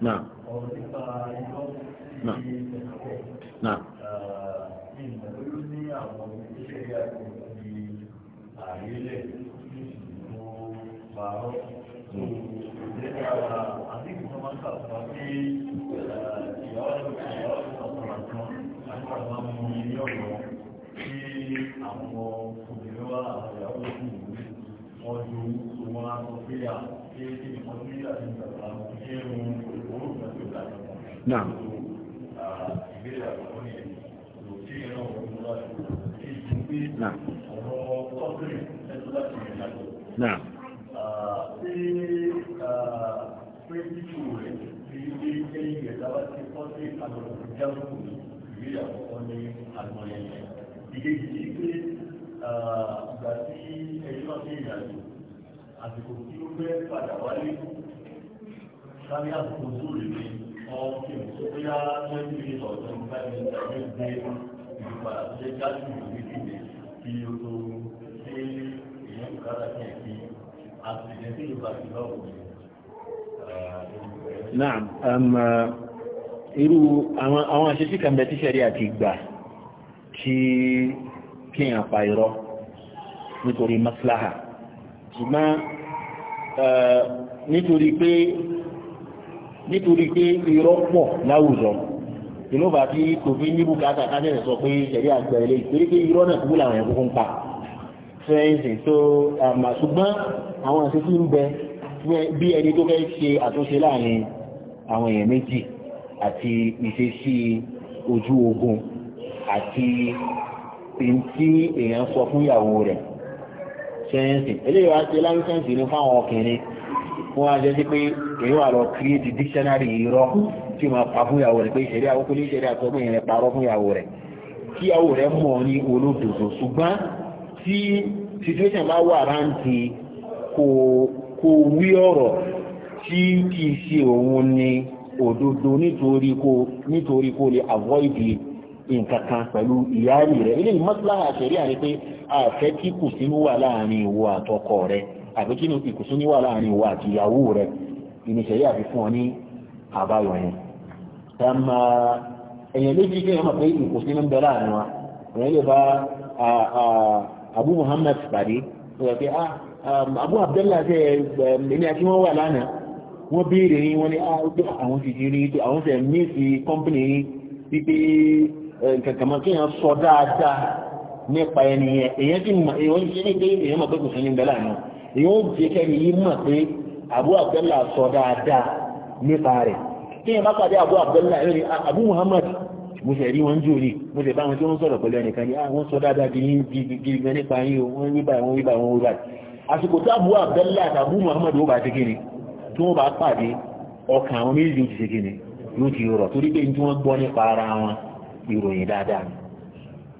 náà náà. Naam. Naam. Naam. Ìgbésí pé ìgbà tí ẹjọ́ sí ìrìnàjò àsìkò tí ó fẹ́ padà wálé sáré àsìkò tó lè ní ọkì tó bóyá lẹ́yìn ilé ọ̀dọ́ nípa ẹni ìdájọ́ gbé ìdúpadà tó jẹ́ jáde ìlú nídìí kí o tó ṣe èèyàn bùkátà kí ẹ fi àtìlẹ́yìn tí yóò bá ti bá òun. Naam, um, irú àwọn àṣẹ́sí kan bẹ tí ṣẹ̀rí àti ìgbà kí kíyàn pa irọ́ nítorí maslaha ṣùgbọ́n nítorí pé nítorí pé irọ́ pọ̀ láwùjọ ìlú bá tí kò fi ní bùkátà kájẹ̀rẹ̀ sọ pé ìṣẹ̀lẹ̀ àgbà ilé ìtorí pé irọ́ náà kúkú làwọn ẹ̀kú ń pa fẹ́ǹsì tó àmà ṣùgbọ́n àwọn àti tí ń bẹ bí ẹni tó fẹ́ ṣe àtúnṣe láàrin àwọn èèyàn méjì àti ìṣesí ojú ogun àti ìntí èèyàn sọ fún ìyàwó rẹ̀ sẹ́yẹ́nsì eléyìí wá ṣe láńsẹ́ǹsì ní fáwọn ọkùnrin wọ́n á jẹ́ sí pé èyí wà lọ create dictionary irọ́ tí ma pa fún ìyàwó rẹ̀ pé ìṣẹ̀rí àwọn kólé ìṣẹ̀rí àtọ́gbọ̀n yẹn parọ́ fún ìyàwó rẹ̀ kí ìyàwó rẹ̀ mọ̀ ní olódodo situation bá wà ráǹtì kò wí ọ̀rọ̀ tí kì í ṣe òun ni òdodo nǹkan kan pẹ̀lú ìyáàrí rẹ̀ ilé ìmọ́sílára àṣẹ̀rí àrí pé àfẹ́ kí kùsínú wà láàrin ìwọ àtọkọ rẹ̀ àbí kí ni ìkùsínú wà láàrin ìwọ àti ìyàwó rẹ̀ ìníṣẹ̀rí àfi fún ọ ní àbáyọ yẹn tàmà èyàn méjì kí ẹmọ pé ìkùsínú ń bẹ láàrin wa èyàn lè bá Abu Muhammad pàdé wọ́n pé ah, um, Abu Abdullah ṣe ẹ̀mí um, àti wọ́n wà lánàá wọ́n béèrè ní wọ́n ní ah, àwọn ti rí àwọn ti mí sí kọ́mpìnì wípé kàkàmọ́ kí èèyàn sọ dáadáa nípa ẹni yẹn èèyàn ti mọ̀ èèyàn ṣe ní pé èèyàn mọ̀ pé kò sí ní bẹ́lá náà èèyàn ó jẹ́ kẹ́ni yìí mọ̀ pé àbú àbẹ́là sọ dáadáa nípa rẹ̀ kí èèyàn bá pàdé àbú àbẹ́là ẹni àbú Muhammad mo ṣe rí wọn jòrè mo ṣe bá wọn tí wọ́n sọ̀rọ̀ pẹ̀lú ẹnìkan ní àwọn ah, sọ dáadáa gidi gan nípa yín o wọ́n wíbà wọn wíbà wọn wíbà àsìkò tó àbú àbẹ́là àtàbú Muhammad ó bá ṣe kíni tí wọ́n bá pàdé ọkàn àwọn méjì ó ti ṣe kíni yóò ti rọ̀ torí pé ní tí wọ́n nípa ara wọn ìròyìn dáadáa ni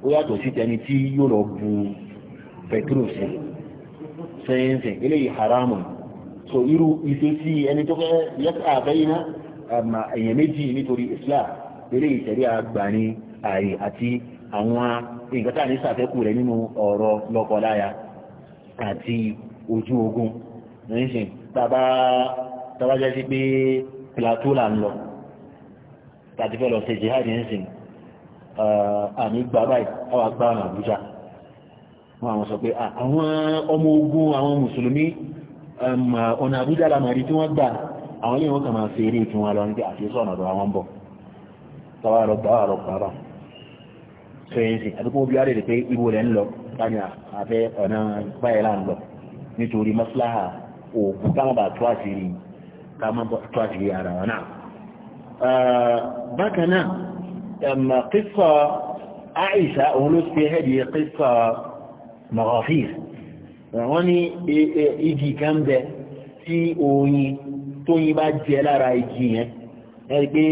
ó yàtọ̀ sí tẹni tí yóò lọ bu petrol sí sẹ́yìnsẹ̀ eléyìí haramu so irú ìṣesí ẹni tó fẹ́ yẹ́sà àbẹ́yìnà àmà èèyàn méjì nítorí islam eléyìí tẹ̀lé àgbà ní ààyè àti àwọn nǹkan tá à ní sàfẹ́kù rẹ̀ nínú ọ̀rọ̀ lọ́kọláya àti ojú ogun nísìn tàbá tàbá jẹ́ sí pé plateau là ń lọ tàbí fẹ́ lọ ṣe jihad nísìn Eh, àmì gbà báyìí àwọn àgbà ọ̀nà àbújá wọn àwọn sọ pé ah, àwọn ọmọ ogun àwọn mùsùlùmí ọ̀nà àbújá lamàrí tí wọ́n gbà àwọn ilé wọn kà máa fèrè tí wọ́n lọ ní àfihàn ọ̀nà ọ̀dọ̀ àwọn bọ̀ tọwọ́ lọ gbà lọ pàápàá fẹ́yìntì àdúgbò bí wàá rèé pé ibo lẹ́ ń lọ tani ah, àfẹ́ ọ̀nà báyìí là ń lọ nítorí mọ́síláhà òògùn táwọn ara wọn náà eh, bákan قصة عائشة أولوس في هذه قصة مغافير wọ́n ní e, e, igi kan bẹ tí oyin tóyin bá jẹ lára igi yẹn ẹni pé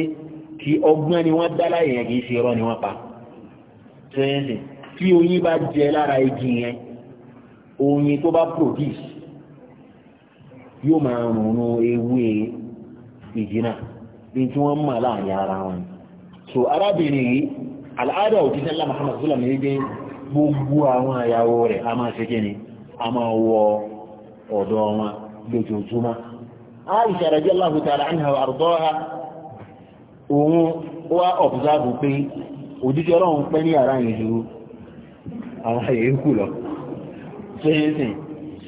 kí ọgbọ́n ni wọ́n dá láyé yẹn kì í ṣe irọ́ ni wọ́n pa ṣẹ́yẹ́sì tí oyin bá jẹ lára igi yẹn oyin tó bá produce yóò máa rùn ún ewé igi náà bí tí wọ́n mọ̀ láàrin ara wọn ni. so arábìnrin yìí aláàdà òjíṣẹ́ ńlá Muhammad sallam ní gbé gbogbo àwọn àyàwó rẹ̀ a máa a máa wọ ọ̀dọ̀ wọn lójoojúmọ́ Aisha radiyallahu ta'ala anha wa ardaha òun wá ọ̀bùzáàbù pé òjíṣẹ́ ọlọ́run pẹ́ ní ara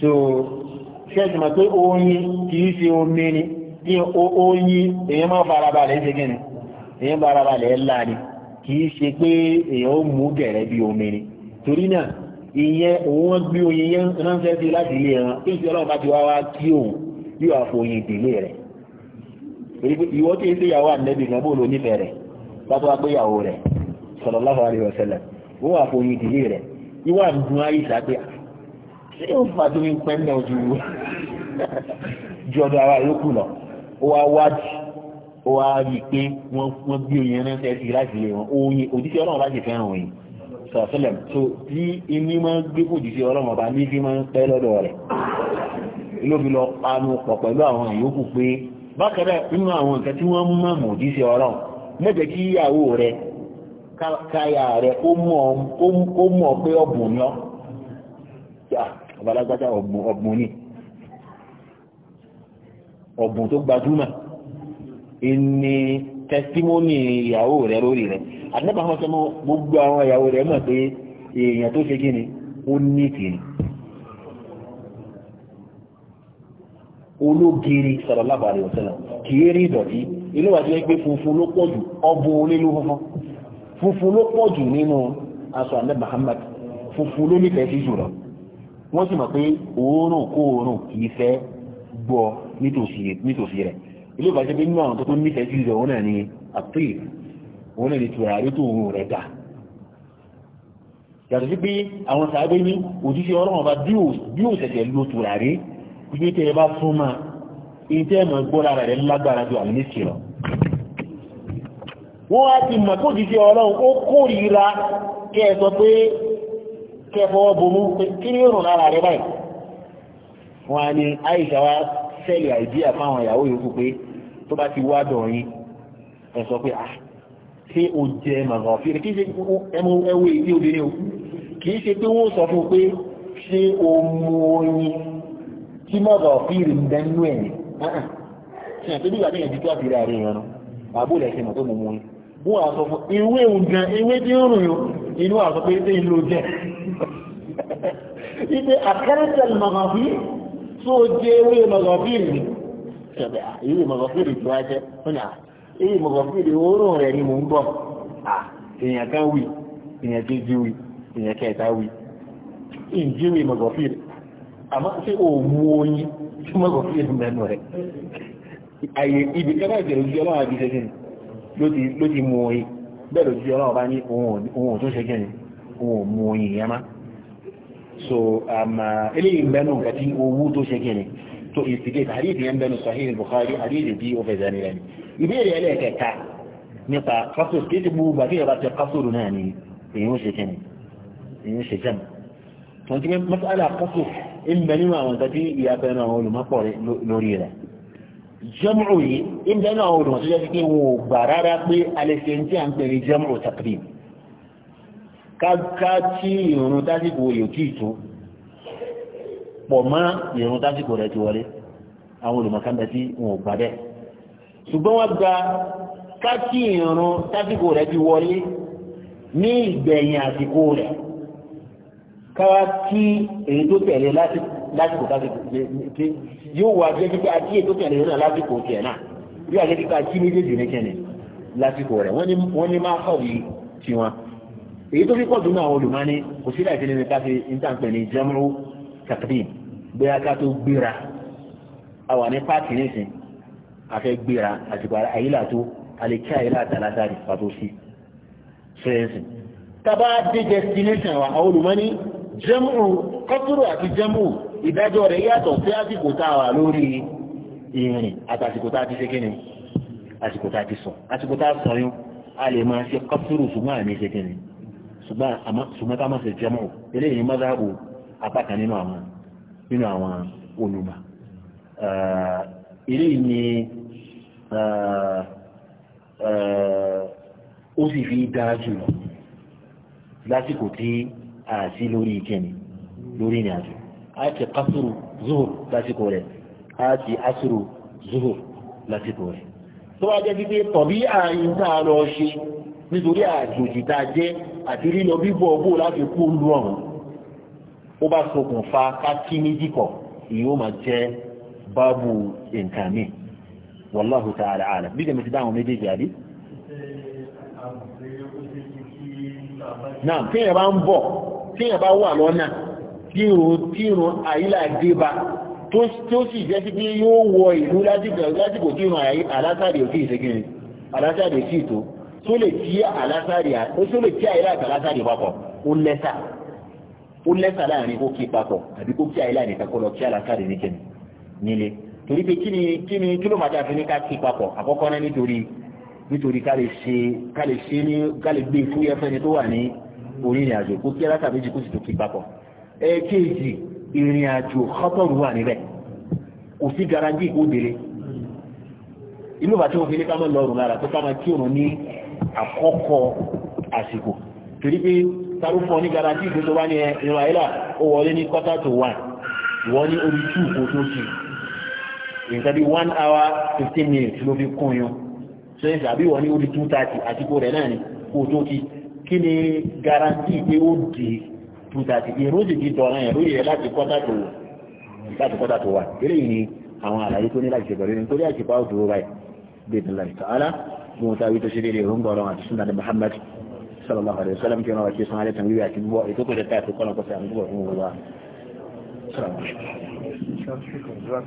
so pé oyin kìí omi ni oyin farabalẹ̀ èèyàn bá ara balẹ̀ ńlá ni kì í ṣe pé èèyàn ó mú gẹ̀rẹ́ bí omi ni torí náà ìyẹn òun wọn gbé oyin yẹn ránṣẹ́ sí láti ilé wọn pé ìṣẹ́ ọlọ́run bá ti wá wá kí òun yóò wá fòyin ìdílé rẹ̀ ìwọ tí ń ṣèyàwó ànẹ́bì kan bó lo nífẹ̀ẹ́ rẹ̀ pátó wá péyàwó rẹ̀ sallallahu alaihi wasallam ó wà fòyin ìdílé rẹ̀ ìwà ń dun pé ah, ṣé ó fà tó ń pẹ́ náà àwa yòókù lọ ó wá wájú ó wá rí i pé wọ́n wọ́n bí oyin ránṣẹ́ sí láti lè wọn oyin òjíṣẹ́ ọlọ́run bá sì fẹ́ràn oyin sọ̀sọ́lẹ̀ tó tí iní máa ń gbé kò jíṣẹ́ ọlọ́run ọba ní fi máa ń pẹ́ lọ́dọ̀ rẹ̀ lóbi lọ panu pọ̀ pẹ̀lú àwọn ìyókù pé bákan náà nínú àwọn nǹkan tí wọ́n mọ̀ mọ̀ jíṣẹ́ ọlọ́run mẹ́jẹ̀ kí ìyàwó rẹ̀ káyà rẹ̀ ó mọ̀ pé ọ̀bùn lọ ọ̀bùn tó gbajúmọ̀ ìní tẹsítímọ́nì ìyàwó rẹ̀ lórí rẹ̀ àdínẹ́bà àwọn ọmọ gbogbo àwọn ìyàwó rẹ̀ mọ̀ pé èèyàn tó ṣe kíni ó ní kìíní ológiri sallallahu alaihi wasallam kìí rí ìdọ̀tí ilé wà jẹ́ pé funfun ló pọ̀ jù ọbọ̀ onílú funfun funfun ló pọ̀ jù nínú aṣọ àlẹ́ Muhammad funfun ló nífẹ̀ẹ́ sí jùlọ wọ́n sì mọ̀ pé òórùn kó òórùn kìí fẹ́ gbọ́ nítòsí rẹ̀ ilé ìbàjẹ́ bí nínú àwọn tó tún nífẹ̀ẹ́ sí rẹ̀ òun náà ni àpíì òun náà ni tùràrí tó òun rẹ̀ dà yàtọ̀ sí pé àwọn sàábé ní òjíṣẹ́ ọlọ́run ọba bí ò ṣẹ̀ṣẹ̀ lo tùràrí pípé tẹ́ ẹ bá fún ma èyí tẹ́ ẹ mọ̀ gbọ́ lára rẹ̀ lágbára ju àwọn méjì lọ wọ́n á ti mọ̀ tó jíṣẹ́ ọlọ́run ó kórìíra kẹ́ sọ pé kẹfọwọ́ bomú kí ní òrùn lára rẹ̀ báyìí wọ́n á ní àìsàwá sẹ́lì àìdíyà fáwọn ìyàwó yòókù pé tó bá ti wá dọ̀ yín ẹ sọ pé ah ṣé o jẹ màgà ọ̀fìrì kí ṣe ẹmú ẹwé ilé obìnrin o kì í ṣe pé wọ́n sọ fún pé ṣé o mú oyin tí màgà ọ̀fìrì ń bẹ nínú ẹ̀yìn ṣe àti bí ìgbàdí ẹ̀jì tó àti rẹ̀ àárín ìran àbó lẹ́sẹ̀ mọ̀ tó mú mú yín wọ́n àsọ fún ewé òǹgàn ewé tí ó rùn yóò inú àsọ pé ṣé ìlú jẹ ibi àkẹ́rẹ́tẹ̀ màgà ọ̀fìrì tó kẹ̀bẹ̀ ìwé mọ̀gọ́fìrì tí wá jẹ́ ó ní à ìwé mọ̀gọ́fìrì oorun rẹ̀ ni mò ń bọ̀ à èèyàn kan wì èèyàn kejì wì èèyàn kẹta wì ìjírí mọ̀gọ́fìrì àmọ́ ṣé òmù oyin tí mọ̀gọ́fìrì mẹ́nu rẹ̀ àyè ibi kẹ́kẹ́ ìbẹ̀rẹ̀ ojú ọlọ́run àbí ṣe kíni ló ti mú oyin bẹ́ẹ̀ lójú ọlọ́run bá ní ohun ò tún ṣe kíni ohun ò mú oyin yẹn má so eléyìí mẹ́nu nǹkan tí owó tó ṣe kíni tó instigate hadith yẹn bẹnu sahih bukhari hadith bí ó fẹsẹ̀ nílẹ̀ ni ìbéèrè ẹlẹ́ẹ̀kẹta nípa kásòrò kí ti gbogbo àti ìyàbá ti kásòrò náà ni èyí ó ṣe kẹ́ni èyí ó ṣe jẹ́mu tó ti gbé mọ́sálà kásòrò ń bẹ nínú àwọn nǹkan tí ìyá bẹnu àwọn olùmọ́pọ̀ lórí rẹ̀ jẹ́mùrù yìí ń bẹ nínú àwọn olùmọ̀ tó jẹ́ pé wọn ò gbà rárá pé alẹ́sẹ̀ ń tí à ń pè ní jẹ́mùrù taqdim ká tí ìrùn tásìkò yòókì tó pọ̀ mọ́ ìrun tásìkò rẹ̀ ti wọlé àwọn olùmọ̀kánbẹ tí wọn ò gbà bẹ́ẹ̀ ṣùgbọ́n wọ́n gba káàkì ìrun tásìkò rẹ̀ ti wọlé ní ìgbẹ̀yìn àsìkò rẹ̀ káwá kí èyí tó tẹ̀lé lásìkò tásìkò tí yóò wà jẹ́ kíkà kí èyí tó tẹ̀lé náà lásìkò tiẹ̀ náà yóò wà jẹ́ kíkà kí méjèèjì ní kẹ́ni lásìkò rẹ̀ wọ́n ní máa kọ̀wé tiwọn èyí tó fi pọ̀ dùn náà olùmọ́ni kò sílẹ̀ ìfẹ́ nínú káfí ní tàǹpẹ̀ ní jẹ́mú takdim bóyá ká tó gbéra a wà ní páàkì nísìn afẹ́ gbéra àsìkò àyílà tó alẹ́kí àyílà àtàlásà rẹ̀ pàtó sí fẹ́ẹ̀sì tàbá dé destination wa àwọn olùmọ́ni jẹ́mù kọ́tùrù àti jẹ́mù ìdájọ́ rẹ̀ yàtọ̀ sí àsìkò tá a wà lórí ìrìn àtàsìkò tá a ti ṣe kíni àsìkò tá a ti sọ àsìkò tá a sọ yún a lè máa ṣe kọ́tùrù ṣùgbọ́n àmì ṣe kíni ṣùgbọ́n ká má ṣe jẹ́mù eléyìí mọ́sáàbù apá kan nínú àwọn nínú àwọn olùmọ̀ eh, eléyìí ni eh, eh, ó sì fi dáa jù lásìkò tí a sí lórí ìkẹni lórí ìrìn àjò a ti kásùrù zuhur lásìkò rẹ̀ a ti asùrù zuhur lásìkò rẹ̀ tó wá jẹ́ pípé tọ̀bí ààyè náà lọ ṣe nítorí àjòjì tá a jẹ́ àti lílọ bíbọ̀ bó láti kú lu ọ̀hún ó bá ṣokùnfà kákí méjì kọ̀ ìyó máa jẹ́ báàbù nǹkan mi wallahu ta'ala alam bí jẹ́mi ti dáhùn méjèèjì àbí. náà tí èèyàn bá ń bọ̀ tí èèyàn bá wà lọ́nà tí ìrùn àyílà dé bá tó sì jẹ́ sí pé yóò wọ ìlú lásìkò tí ìrùn alásàdì òkè ìṣẹ́gìrì alásàdì sí ìtò tó lè tí àyílà àti alásàdì papọ̀ ó lẹ́sà ó lẹ́sà láàrin kó kí papọ̀ àbí kó kí àìláì nìkan kó lọ kí àlàkàrì nìkan nílé torí pé kí ni kí ni kí ló máa dàbí ní ká kí papọ̀ àkọ́kọ́ náà nítorí nítorí ká lè ṣe ká lè ṣe ní ká lè gbé fúyẹ́ fẹ́ni tó wà ní orí ìrìn àjò kó kí àlàkà méjì kó sì tó kí papọ̀ ẹ̀ẹ́kejì ìrìn àjò kọ́tọ̀rù wà níbẹ̀ kò sí garanti kó délé inú bàtí wọn fi ní ká mọ̀ lọ́rùn lára tó ká máa kí òun ní àkọ́kọ́ àsìkò torí pé tàbí fún ọ ní garanti ìgbé tó bá ní ìrìn àìlà ó wọlé ní quarter to one wọ́n ní orí two kò tó sí nǹkan bí one hour fifteen minutes ló fi kún yun ṣe é sàbí wọ́n ní orí two thirty àsìkò rẹ̀ náà ni kò tó sí kí ni garanti pé ó di two thirty ìrún sì ti dọ̀ràn ẹ̀ lórí rẹ̀ láti quarter to láti quarter to one eléyìí ni àwọn àlàyé tó ní láti ṣe pẹ̀lú nítorí àṣìpá òdòdó báyìí bí ìdílé ìtàlá mo ta wí tó ṣe déédéé sallallahu alaihi wasallam kino wa ci sahale tan wi ati bo itoko de tafu kono ko sa ngugo ngugo wa sallallahu alaihi wasallam